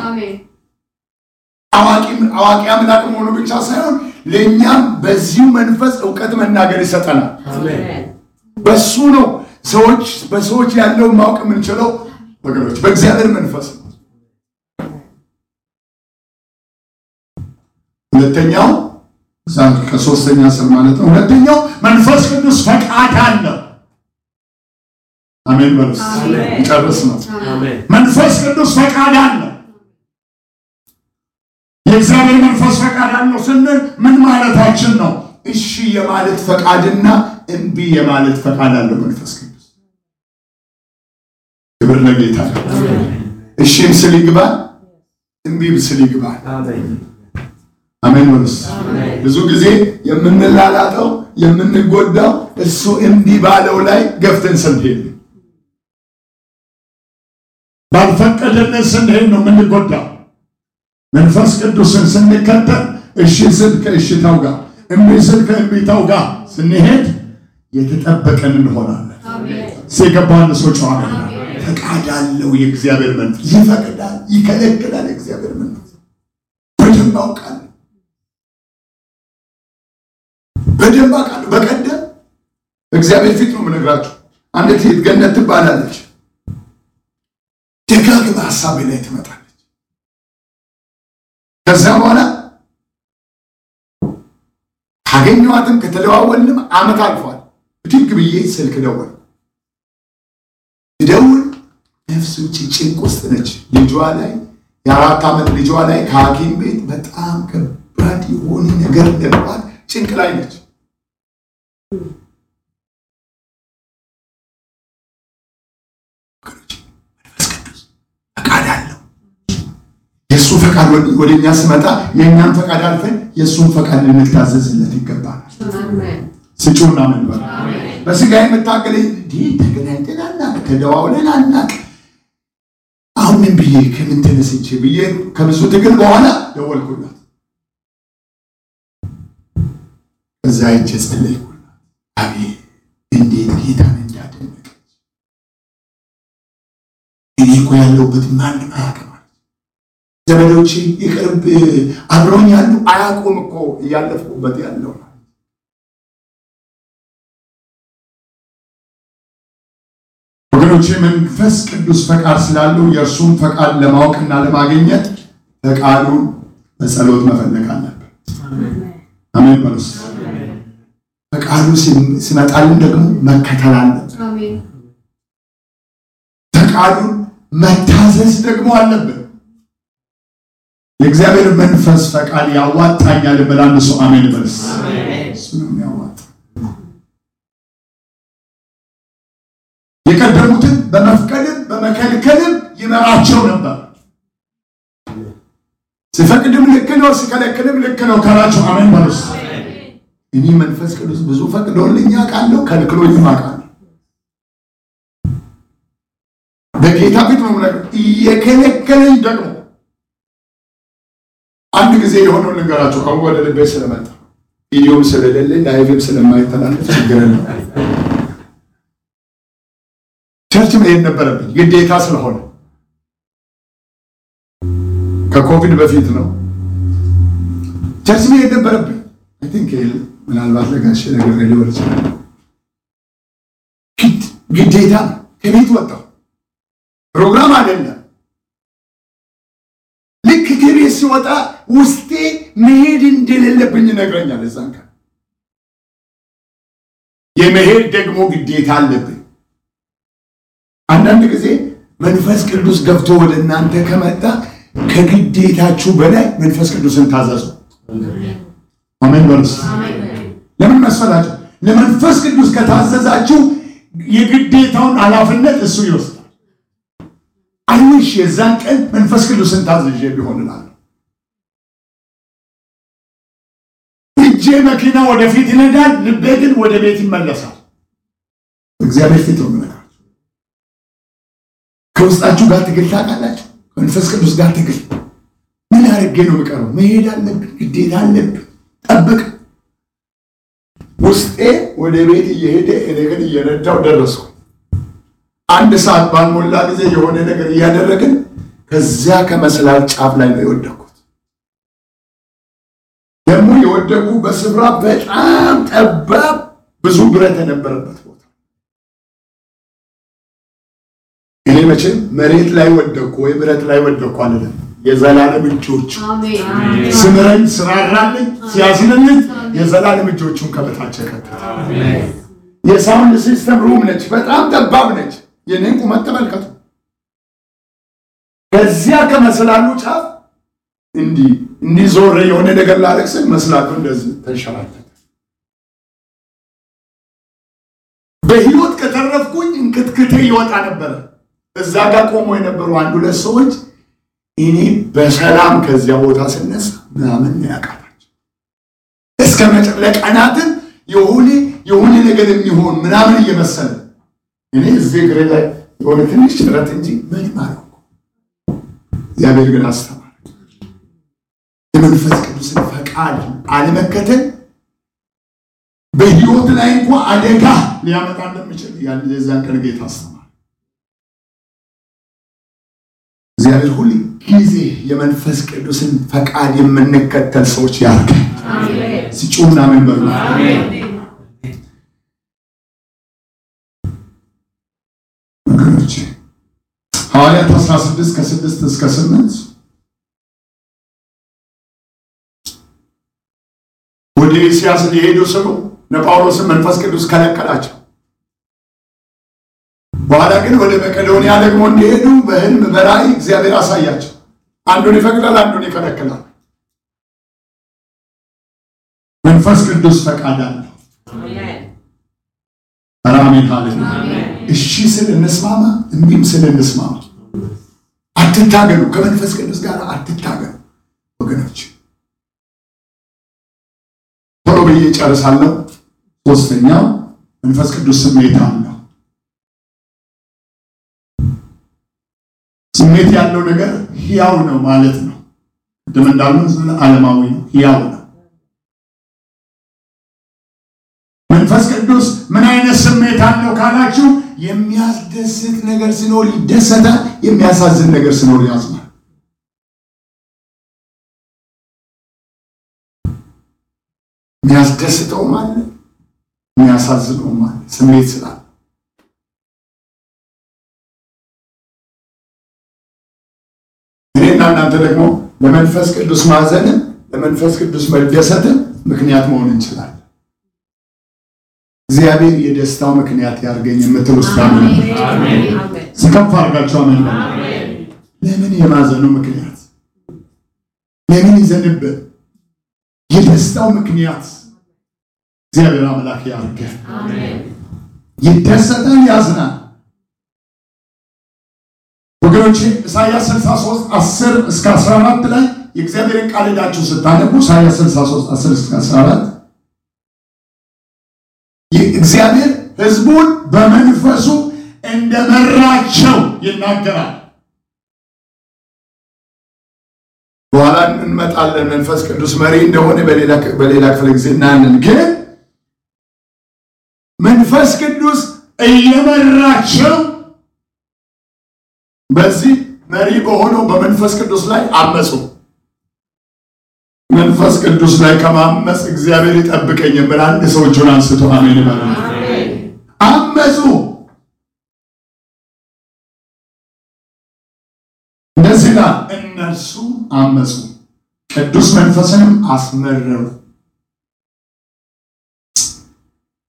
አዋቂ አምላክ መሆኑ ብቻ ሳይሆን ለእኛም በዚሁ መንፈስ እውቀት መናገር ይሰጠናል። በሱ ነው ሰዎች በሰዎች ያለውን ማወቅ የምንችለው ወገኖች፣ በእግዚአብሔር መንፈስ ነው። ሁለተኛው ከሶስተኛ ስር ማለት ነው። ሁለተኛው መንፈስ ቅዱስ ፈቃድ አለው። አሜን በሉስ። ጨርስ ነው። መንፈስ ቅዱስ ፈቃድ አለው። የእግዚአብሔር መንፈስ ፈቃድ አለው ስንል ምን ማለታችን ነው? እሺ የማለት ፈቃድና እምቢ የማለት ፈቃድ አለው መንፈስ ቅዱስ። ክብር ለጌታ። እሺም ስል ይግባል፣ እምቢም ስል ይግባል። አሜን ወንስ ብዙ ጊዜ የምንላላጠው የምንጎዳው እሱ እምቢ ባለው ላይ ገፍተን ስንሄድ ባልፈቀደልን ስንሄድ ነው የምንጎዳው። መንፈስ ቅዱስን ስንከተል እሺ ስል ከእሽታው ጋር እምቢ ስል ከእምቢታው ጋር ስንሄድ የተጠበቀን እንሆናለን። ሲገባን ሰው ጨዋ ፈቃድ አለው። የእግዚአብሔር መንፈስ ይፈቅዳል፣ ይከለክላል። የእግዚአብሔር መንፈስ በደንብ አውቃለሁ፣ በደንብ አውቃለሁ። በቀደም እግዚአብሔር ፊት ነው የምነግራቸው። አንዴት ሴት ገነት ትባላለች። ደጋግማ ሀሳቤ ላይ ትመጣል ከዛ በኋላ ካገኘኋትም ከተለዋወልንም ዓመት አልፏል። ብድግ ብዬ ስልክ ደወል ደውል ነፍስ ውጭ ጭንቅ ውስጥ ነች። ልጇ ላይ የአራት ዓመት ልጇ ላይ ከሐኪም ቤት በጣም ከባድ የሆነ ነገር ጭንቅ ላይ ነች። ፈቃድ ወደ እኛ ስመጣ የእኛን ፈቃድ አልፈን የእሱን ፈቃድ ልንታዘዝለት ይገባል። ስጩና መንበር በስጋ የምታገል ተገናኝተን አናቅ ተደዋውለን አናቅ። አሁን ምን ብዬ ከምን ተነስቼ ብዬ ከብዙ ትግል በኋላ ደወልኩላት። እዛ ይቼ ጸለይኩላት። አቤት እንዴት ጌታን እንዳደነቀች! እኔ እኮ ያለሁበት ማንም አያውቅም ዘመዶች ይቅርብ አብረውኝ ያሉ አያውቁም እኮ እያለፍኩበት ያለው ወገኖች፣ መንፈስ ቅዱስ ፈቃድ ስላለው የእርሱን ፈቃድ ለማወቅና ለማግኘት ፈቃዱን በጸሎት መፈለግ አለብን። አሜን በሉስ። ፈቃዱ ሲመጣልን ደግሞ መከተል አለብን። ፈቃዱን መታዘዝ ደግሞ አለብን። የእግዚአብሔር መንፈስ ፈቃድ ያዋጣኛል ብላ እነሱ አሜን በልስ የቀደሙትን በመፍቀድም በመከልከልም ይመራቸው ነበር። ሲፈቅድም ልክ ነው፣ ሲከለክልም ልክ ነው ካላቸው አሜን በልስ። እኔ መንፈስ ቅዱስ ብዙ ፈቅዶልኝ አውቃለሁ፣ ከልክሎኝም አውቃለሁ። በጌታ ፊት መምለክ እየከለከለኝ ደግሞ አንድ ጊዜ የሆነውን ልንገራችሁ። አሁን ወደ ልቤ ስለመጣ ቪዲዮም ስለሌለኝ ላይቭም ስለማይተላለፍ ችግር ነው። ቸርች መሄድ ነበረብኝ ግዴታ ስለሆነ ከኮቪድ በፊት ነው። ቸርች መሄድ ነበረብኝ። አይ ቲንክ ይል ምናልባት ለጋሽ ነገር ሊሆን ይችላል። ግዴታ ከቤት ወጣሁ። ፕሮግራም አይደለም ሲወጣ ውስጤ መሄድ እንደሌለብኝ ይነግረኛል። እዛን ቀን የመሄድ ደግሞ ግዴታ አለብን። አንዳንድ ጊዜ መንፈስ ቅዱስ ገብቶ ወደ እናንተ ከመጣ ከግዴታችሁ በላይ መንፈስ ቅዱስን ታዘዙ። አሜን በሉስ። ለምን መሰላችሁ? ለመንፈስ ቅዱስ ከታዘዛችሁ የግዴታውን ኃላፊነት እሱ ይወስዳል። አይሽ የዛን ቀን መንፈስ ቅዱስን ታዘዥ ቢሆንላል። እጄ መኪና ወደፊት ይነዳል፣ ልቤ ግን ወደ ቤት ይመለሳል። እግዚአብሔር ፊት ነው ከውስጣችሁ ጋር ትግል ታውቃላችሁ። ከመንፈስ ቅዱስ ጋር ትግል ምን አድርጌ ነው የምቀረው? መሄድ አለብን፣ ግዴታ አለብን። ጠብቅ ውስጤ ወደ ቤት እየሄደ እኔ ግን እየነዳው ደረስኩ። አንድ ሰዓት ባልሞላ ጊዜ የሆነ ነገር እያደረግን ከዚያ ከመሰላል ጫፍ ላይ ነው የወደኩ። ደግሞ የወደቁ በስፍራ በጣም ጠባብ ብዙ ብረት የነበረበት ቦታ። እኔ መቼም መሬት ላይ ወደኩ ወይ ብረት ላይ ወደኩ አለለም። የዘላለም እጆች ስምረኝ፣ ስራራልኝ፣ ሲያዝንልኝ የዘላለም እጆቹን ከበታች ከተተ። የሳውንድ ሲስተም ሩም ነች፣ በጣም ጠባብ ነች። የኔን ቁመት ተመልከቱ። ከዚያ ከመሰላሉ ጫፍ እንዲህ እንዲህ ዞር የሆነ ነገር ላለቅስ መስላቱ እንደዚህ ተንሸራተተ። በህይወት ከተረፍኩኝ እንክትክቴ ይወጣ ነበረ። እዛ ጋር ቆሞ የነበሩ አንድ ሁለት ሰዎች እኔ በሰላም ከዚያ ቦታ ስነሳ ምናምን ነው ያውቃታቸው እስከ ለቀናትን የሆነ የሆነ ነገር የሚሆን ምናምን እየመሰለ እኔ እዚህ እግሬ ላይ የሆነ ትንሽ ጭረት እንጂ ምን ማለት እግዚአብሔር ግን አስተማ የመንፈስ ቅዱስን ፈቃድ አለመከተል በህይወት ላይ እንኳ አደጋ ሊያመጣ እንደሚችል የዛን ቀን ጌታ አስተማር። እግዚአብሔር ሁል ጊዜ የመንፈስ ቅዱስን ፈቃድ የምንከተል ሰዎች ያርገ ሲጮና መንበር ሐዋርያት 16 ከ6 እስከ 8 ወደ ሉስያስ እንዲሄዱ ስሙ ለጳውሎስን መንፈስ ቅዱስ ከለከላቸው። በኋላ ግን ወደ መቄዶንያ ደግሞ እንዲሄዱ በህልም በራእይ እግዚአብሔር አሳያቸው። አንዱን ይፈቅዳል፣ አንዱን ይከለክላል። መንፈስ ቅዱስ ፈቃድ አለው። አሜን ማለት እሺ ስል እንስማማ፣ እምቢም ስል እንስማማ። አትታገሉ፣ ከመንፈስ ቅዱስ ጋር አትታ ብዬ ጨርሳለሁ። ሶስተኛው መንፈስ ቅዱስ ስሜት አለው። ስሜት ያለው ነገር ህያው ነው ማለት ነው። ቅድም እንዳልነው ዓለማዊ ነው፣ ህያው ነው። መንፈስ ቅዱስ ምን አይነት ስሜት አለው ካላችሁ፣ የሚያስደስት ነገር ሲኖር ይደሰታል፣ የሚያሳዝን ነገር ሲኖር ያዝናል። የሚያስደስተው ማለ የሚያሳዝነው ማለ ስሜት ስላለ እኔና እናንተ ደግሞ ለመንፈስ ቅዱስ ማዘንን ለመንፈስ ቅዱስ መደሰትን ምክንያት መሆን እንችላለን። እግዚአብሔር የደስታው ምክንያት ያድርገኝ የምትል ውስጥ ስከፍ አድርጋችሁ አመን። ለምን የማዘኑ ምክንያት ለምን ይዘንብን የደስታው ምክንያት እግዚአብሔር አምላክ ያርገ። ይደሰታል፣ ያዝናል። ወገኖቼ ኢሳያስ 63 10 እስከ 14 ላይ የእግዚአብሔርን ቃል ሄዳችሁ ስታነቡ ኢሳያስ 63 10 እስከ 14 የእግዚአብሔር ሕዝቡን በመንፈሱ እንደመራቸው ይናገራል። በኋላ እንመጣለን። መንፈስ ቅዱስ መሪ እንደሆነ በሌላ ክፍለ ጊዜ እናያለን። ግን መንፈስ ቅዱስ እየመራቸው በዚህ መሪ በሆነው በመንፈስ ቅዱስ ላይ አመፁ። መንፈስ ቅዱስ ላይ ከማመፅ እግዚአብሔር ይጠብቀኝ ብል አንድ ሰው እጁን አንስቶ አሜን ይበል። አመፁ። እንደዚህ እነርሱ አመፁ፣ ቅዱስ መንፈስንም አስመረሩ።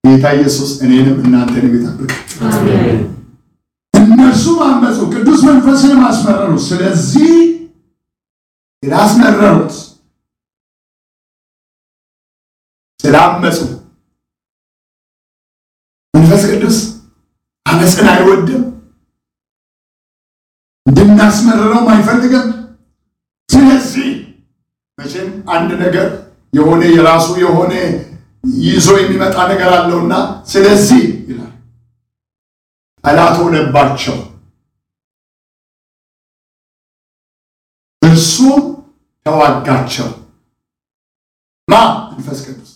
ጌታ ኢየሱስ እኔንም እናንተን ይጠብቅ። እነርሱ አመፁ፣ ቅዱስ መንፈስንም አስመረሩ። ስለዚህ ስላስመረሩት ስላመፁ መንፈስ ቅዱስ አመፅን አይወድም፣ እንድናስመርረውም አይፈልግም። አንድ ነገር የሆነ የራሱ የሆነ ይዞ የሚመጣ ነገር አለውና ስለዚህ ይላል ጠላት ሆነባቸው። እርሱም ተዋጋቸው። ማ መንፈስ ቅዱስ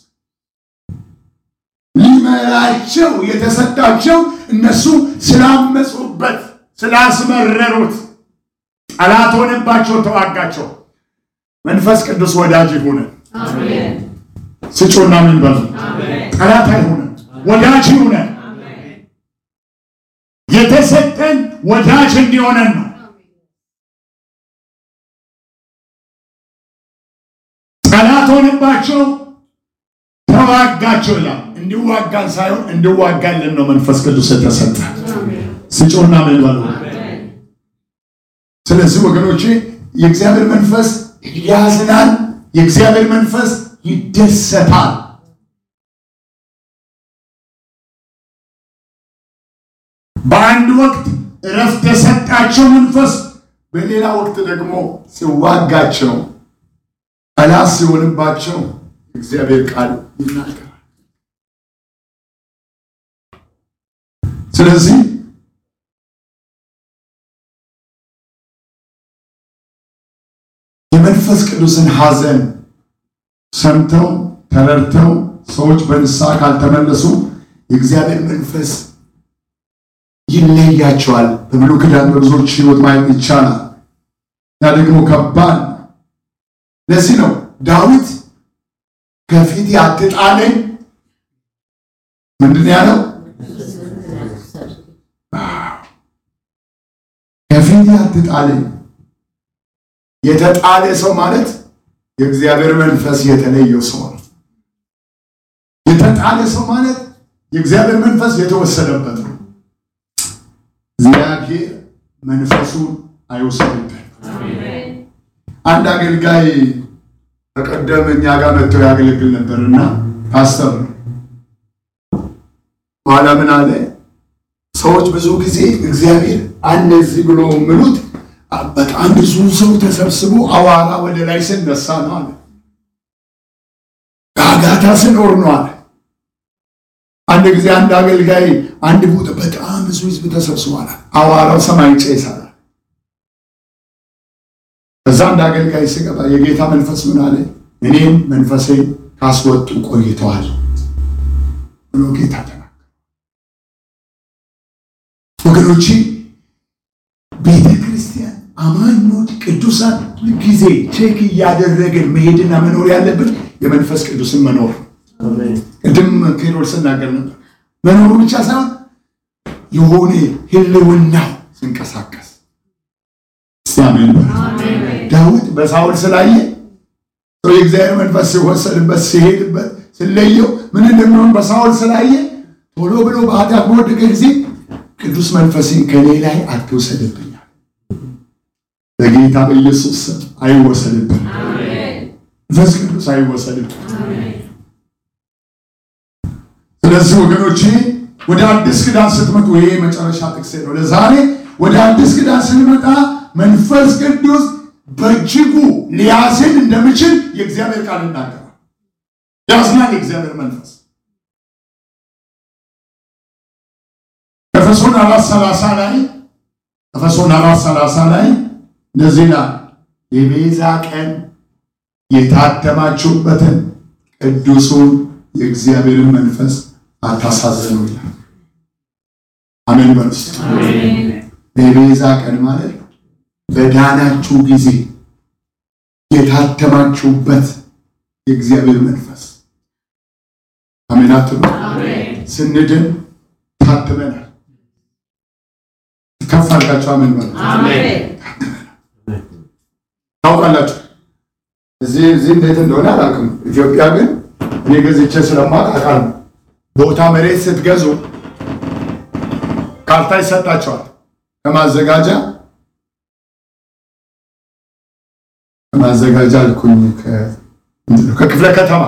ሊመራቸው የተሰጣቸው እነሱ ስላመፁበት ስላስመረሩት ጠላት ሆነባቸው፣ ተዋጋቸው። መንፈስ ቅዱስ ወዳጅ ይሁን። አሜን። ስጮና ምን በሉ። ጠላት አይሁን፣ ወዳጅ ይሁን። የተሰጠን ወዳጅ እንዲሆነን ነው። ጠላት ሆነባቸው ተዋጋቸው ይላል። እንዲዋጋን ሳይሆን እንዲዋጋልን ነው መንፈስ ቅዱስ የተሰጠ። ስጮና ምን በሉ። ስለዚህ ወገኖቼ የእግዚአብሔር መንፈስ ያዝናል፣ የእግዚአብሔር መንፈስ ይደሰታል። በአንድ ወቅት እረፍት የሰጣቸው መንፈስ በሌላ ወቅት ደግሞ ሲዋጋቸው ጠላት ሲሆንባቸው እግዚአብሔር ቃል ይናገራል። ስለዚህ የመንፈስ ቅዱስን ሐዘን ሰምተው ተረድተው ሰዎች በንስሐ ካልተመለሱ የእግዚአብሔር መንፈስ ይለያቸዋል። በብሉይ ክዳን በብዙዎች ህይወት ማየት ይቻላል። እና ደግሞ ከባድ። ለዚህ ነው ዳዊት ከፊት አትጣለኝ ምንድን ያለው? ከፊት አትጣለኝ የተጣለ ሰው ማለት የእግዚአብሔር መንፈስ የተለየው ሰው ነው። የተጣለ ሰው ማለት የእግዚአብሔር መንፈስ የተወሰደበት ነው። እግዚአብሔር መንፈሱን አይወሰድብን። አንድ አገልጋይ በቀደም እኛ ጋር መጥተው ያገለግል ነበር እና ፓስተር ነው። በኋላ ምን አለ፣ ሰዎች ብዙ ጊዜ እግዚአብሔር አለ እዚህ ብሎ ምሉት በጣም ብዙ ሰው ተሰብስቦ አዋራ ወደ ላይ ስነሳ ነው አለ። ጋጋታ ስኖር ነው አለ። አንድ ጊዜ አንድ አገልጋይ አንድ ቦታ በጣም ብዙ ህዝብ ተሰብስቧል። አዋራው ሰማይ ጨሳል። ከዛ አንድ አገልጋይ ስገባ የጌታ መንፈስ ምን አለ? እኔም መንፈሴ ካስወጡ ቆይተዋል ብሎ ጌታ ተናገረ። ወገኖቼ ቤተ አማኞች ቅዱሳን ጊዜ ቼክ እያደረግን መሄድና መኖር ያለብን የመንፈስ ቅዱስን መኖር ቅድም ኬሮል ስናገር ነበር። መኖሩ ብቻ ሳይሆን የሆነ ህልውናው ስንቀሳቀስ ዳዊት በሳውል ስላየ ሰው የእግዚአብሔር መንፈስ ሲወሰድበት ሲሄድበት ስለየው ምን እንደሚሆን በሳውል ስላየ ቶሎ ብሎ በአዳ በወደቀ ጊዜ ቅዱስ መንፈስን ከኔ ላይ በጌታ በኢየሱስ አይወሰድብን። መንፈስ ቅዱስ አይወሰድብን። ስለዚህ ወገኖቼ ወደ አዲስ ኪዳን ስትመጡ ይሄ መጨረሻ ጥቅሴ ነው ለዛሬ። ወደ አዲስ ኪዳን ስንመጣ መንፈስ ቅዱስ በእጅጉ ሊያስን እንደምችል የእግዚአብሔር ቃል እናገራል። ያዝናል የእግዚአብሔር መንፈስ ኤፌሶን አራት ሰላሳ ላይ ኤፌሶን አራት ሰላሳ ላይ እነዚህና የቤዛ ቀን የታተማችሁበትን ቅዱሱን የእግዚአብሔርን መንፈስ አታሳዘኑ ይላል። አሜን በርስ የቤዛ ቀን ማለት በዳናችሁ ጊዜ የታተማችሁበት የእግዚአብሔር መንፈስ አሜን አትሉ። ስንድን ታትመናል። ከፍ አድርጋችሁ አሜን በርስ ታውቃላችሁ እዚህ እዚህ እንዴት እንደሆነ አላውቅም። ኢትዮጵያ ግን እኔ ገዝቼ ስለማውቅ አውቃለሁ። ቦታ መሬት ስትገዙ ካርታ ይሰጣቸዋል ከማዘጋጃ ከማዘጋጃ አልኩኝ ከክፍለ ከተማ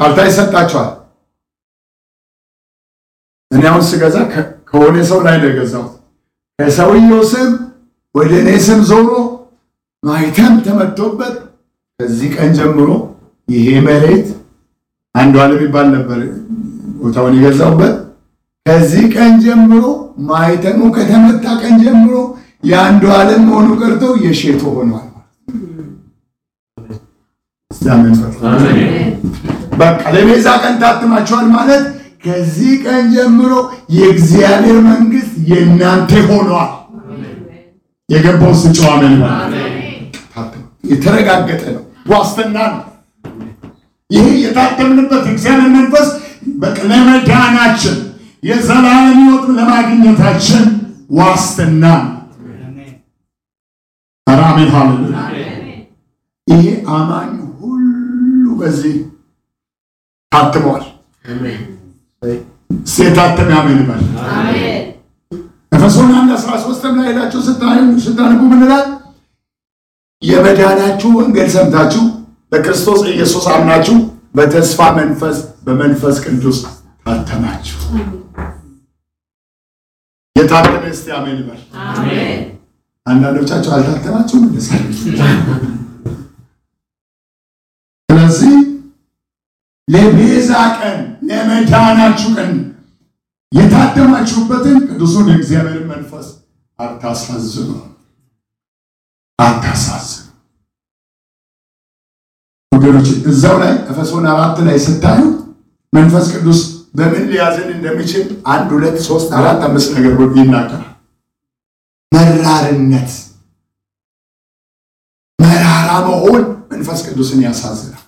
ካርታ ይሰጣቸዋል። እኔ አሁን ስገዛ ከሆነ ሰው ላይ ነው የገዛሁት። ከሰውየው ስም ወደ እኔ ስም ዞሮ ማይተም ተመቶበት ከዚህ ቀን ጀምሮ ይሄ መሬት አንዱ ዓለም ይባል ነበር ቦታውን የገዛውበት። ከዚህ ቀን ጀምሮ ማይተሙ ከተመታ ቀን ጀምሮ የአንዱ ዓለም መሆኑ ቀርቶ የሼቶ ሆኗል። በቃ ለቤዛ ቀን ታትማችኋል ማለት ከዚህ ቀን ጀምሮ የእግዚአብሔር መንግስት የእናንተ ሆኗል። የገባው ስጨዋመን የተረጋገጠ ነው፣ ዋስትና ነው። ይህ የታተምንበት እግዚአብሔር መንፈስ ለመዳናችን የዘላለም ሕይወት ለማግኘታችን ዋስትና አሜን ሃሌሉያ። ይሄ አማኝ ሁሉ በዚህ ታትመዋል። ሴታተም ያሜን ይባል ኤፌሶን አንድ አስራ ሶስትም ላይ ሄዳችሁ የመዳናችሁ ወንጌል ሰምታችሁ በክርስቶስ ኢየሱስ አምናችሁ በተስፋ መንፈስ በመንፈስ ቅዱስ ታተማችሁ። የታተመ እስቲ አሜን ይበል። አንዳንዶቻችሁ አልታተማችሁም። ስለዚህ ለቤዛ ቀን ለመዳናችሁ ቀን የታተማችሁበትን ቅዱሱን የእግዚአብሔርን መንፈስ አታሳዝኑ፣ አታሳ ነገሮችን እዛው ላይ ኤፌሶን አራት ላይ ስታዩ መንፈስ ቅዱስ በምን ሊያዝን እንደሚችል አንድ ሁለት ሶስት አራት አምስት ነገር ይናገራል። መራርነት መራራ መሆን መንፈስ ቅዱስን ያሳዝናል።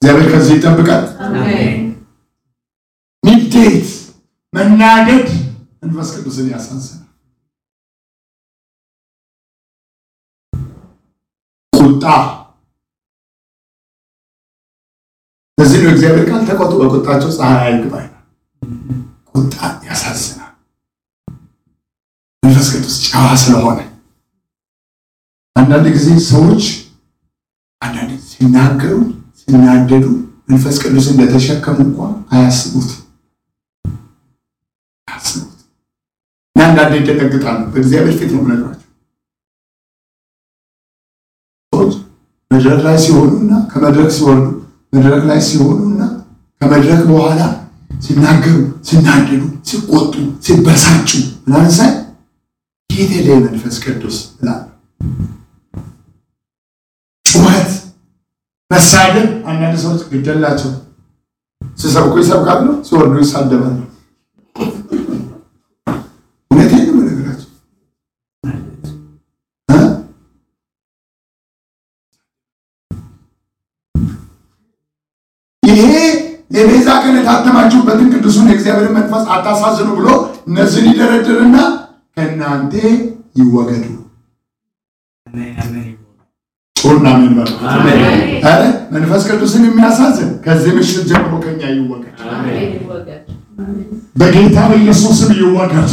እግዚአብሔር ከዚህ ይጠብቃል። ንዴት፣ መናደድ መንፈስ ቅዱስን ያሳዝናል። ቁጣ ለዚህ ነው እግዚአብሔር ቃል ተቆጡ፣ በቁጣቸው ፀሐይ አይግባይ። ቁጣ ያሳዝናል። መንፈስ ቅዱስ ጨዋ ስለሆነ አንዳንድ ጊዜ ሰዎች አንዳንድ ሲናገሩ ሲናደዱ መንፈስ ቅዱስ እንደተሸከሙ እንኳ አያስቡት አያስቡት እና አንዳንድ ይደነግጣሉ። በእግዚአብሔር ፊት ነው ምነግራቸው ሰዎች መድረክ ላይ ሲሆኑ እና ከመድረክ ሲወርዱ መድረክ ላይ ሲሆኑ እና ከመድረክ በኋላ ሲናገሩ፣ ሲናደዱ፣ ሲቆጡ፣ ሲበሳጩ ምናምን ሳይ መንፈስ ቅዱስ ላለ ጩኸት፣ መሳደብ አንዳንድ ሰዎች ግደላቸው ሲሰብኩ ይሰብካሉ፣ ሲወርዱ ይሳደባሉ። ይሄ የቤዛ ቀን የታተማችሁበትን ቅዱሱን የእግዚአብሔርን መንፈስ አታሳዝኑ ብሎ እነዚህን ይደረድርና ከእናንተ ይወገዱ። ጮና መንበር መንፈስ ቅዱስን የሚያሳዝን ከዚህ ምሽት ጀምሮ ከኛ ይወገድ፣ በጌታ በኢየሱስም ይወገድ።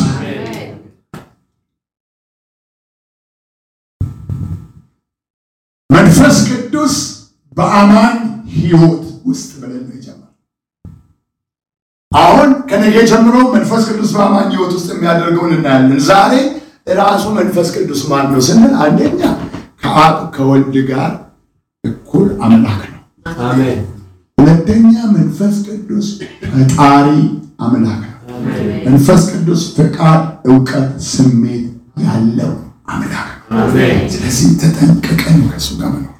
መንፈስ ቅዱስ በአማን ህይወት ውስጥ ብለን ነው የጀመረው። አሁን ከነገ ጀምሮ መንፈስ ቅዱስ በአማኝ ህይወት ውስጥ የሚያደርገውን እናያለን። ዛሬ ራሱ መንፈስ ቅዱስ ማን ነው ስንል አንደኛ ከአብ ከወልድ ጋር እኩል አምላክ ነው። ሁለተኛ መንፈስ ቅዱስ ፈጣሪ አምላክ ነው። መንፈስ ቅዱስ ፍቃድ፣ እውቀት፣ ስሜት ያለው አምላክ ነው። ስለዚህ ተጠንቅቀን ከሱ ጋር ነው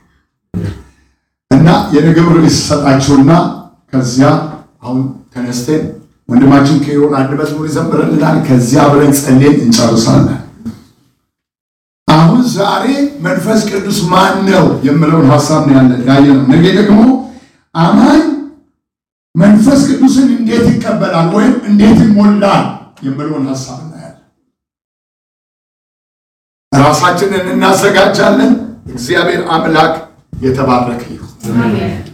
እና የምግብ ርዕስ ከዚያ አሁን ተነስተን ወንድማችን ከሆን አንድ መዝሙር ይዘምርልናል። ከዚያ ብለን ጸልየን እንጨርሳለን። አሁን ዛሬ መንፈስ ቅዱስ ማን ነው የምለውን ሀሳብ ነው ያለን ነው። ነገ ደግሞ አማኝ መንፈስ ቅዱስን እንዴት ይቀበላል ወይም እንዴት ይሞላል የምለውን ሀሳብ እናያለን። ራሳችንን እናዘጋጃለን። እግዚአብሔር አምላክ የተባረክ ይሁን።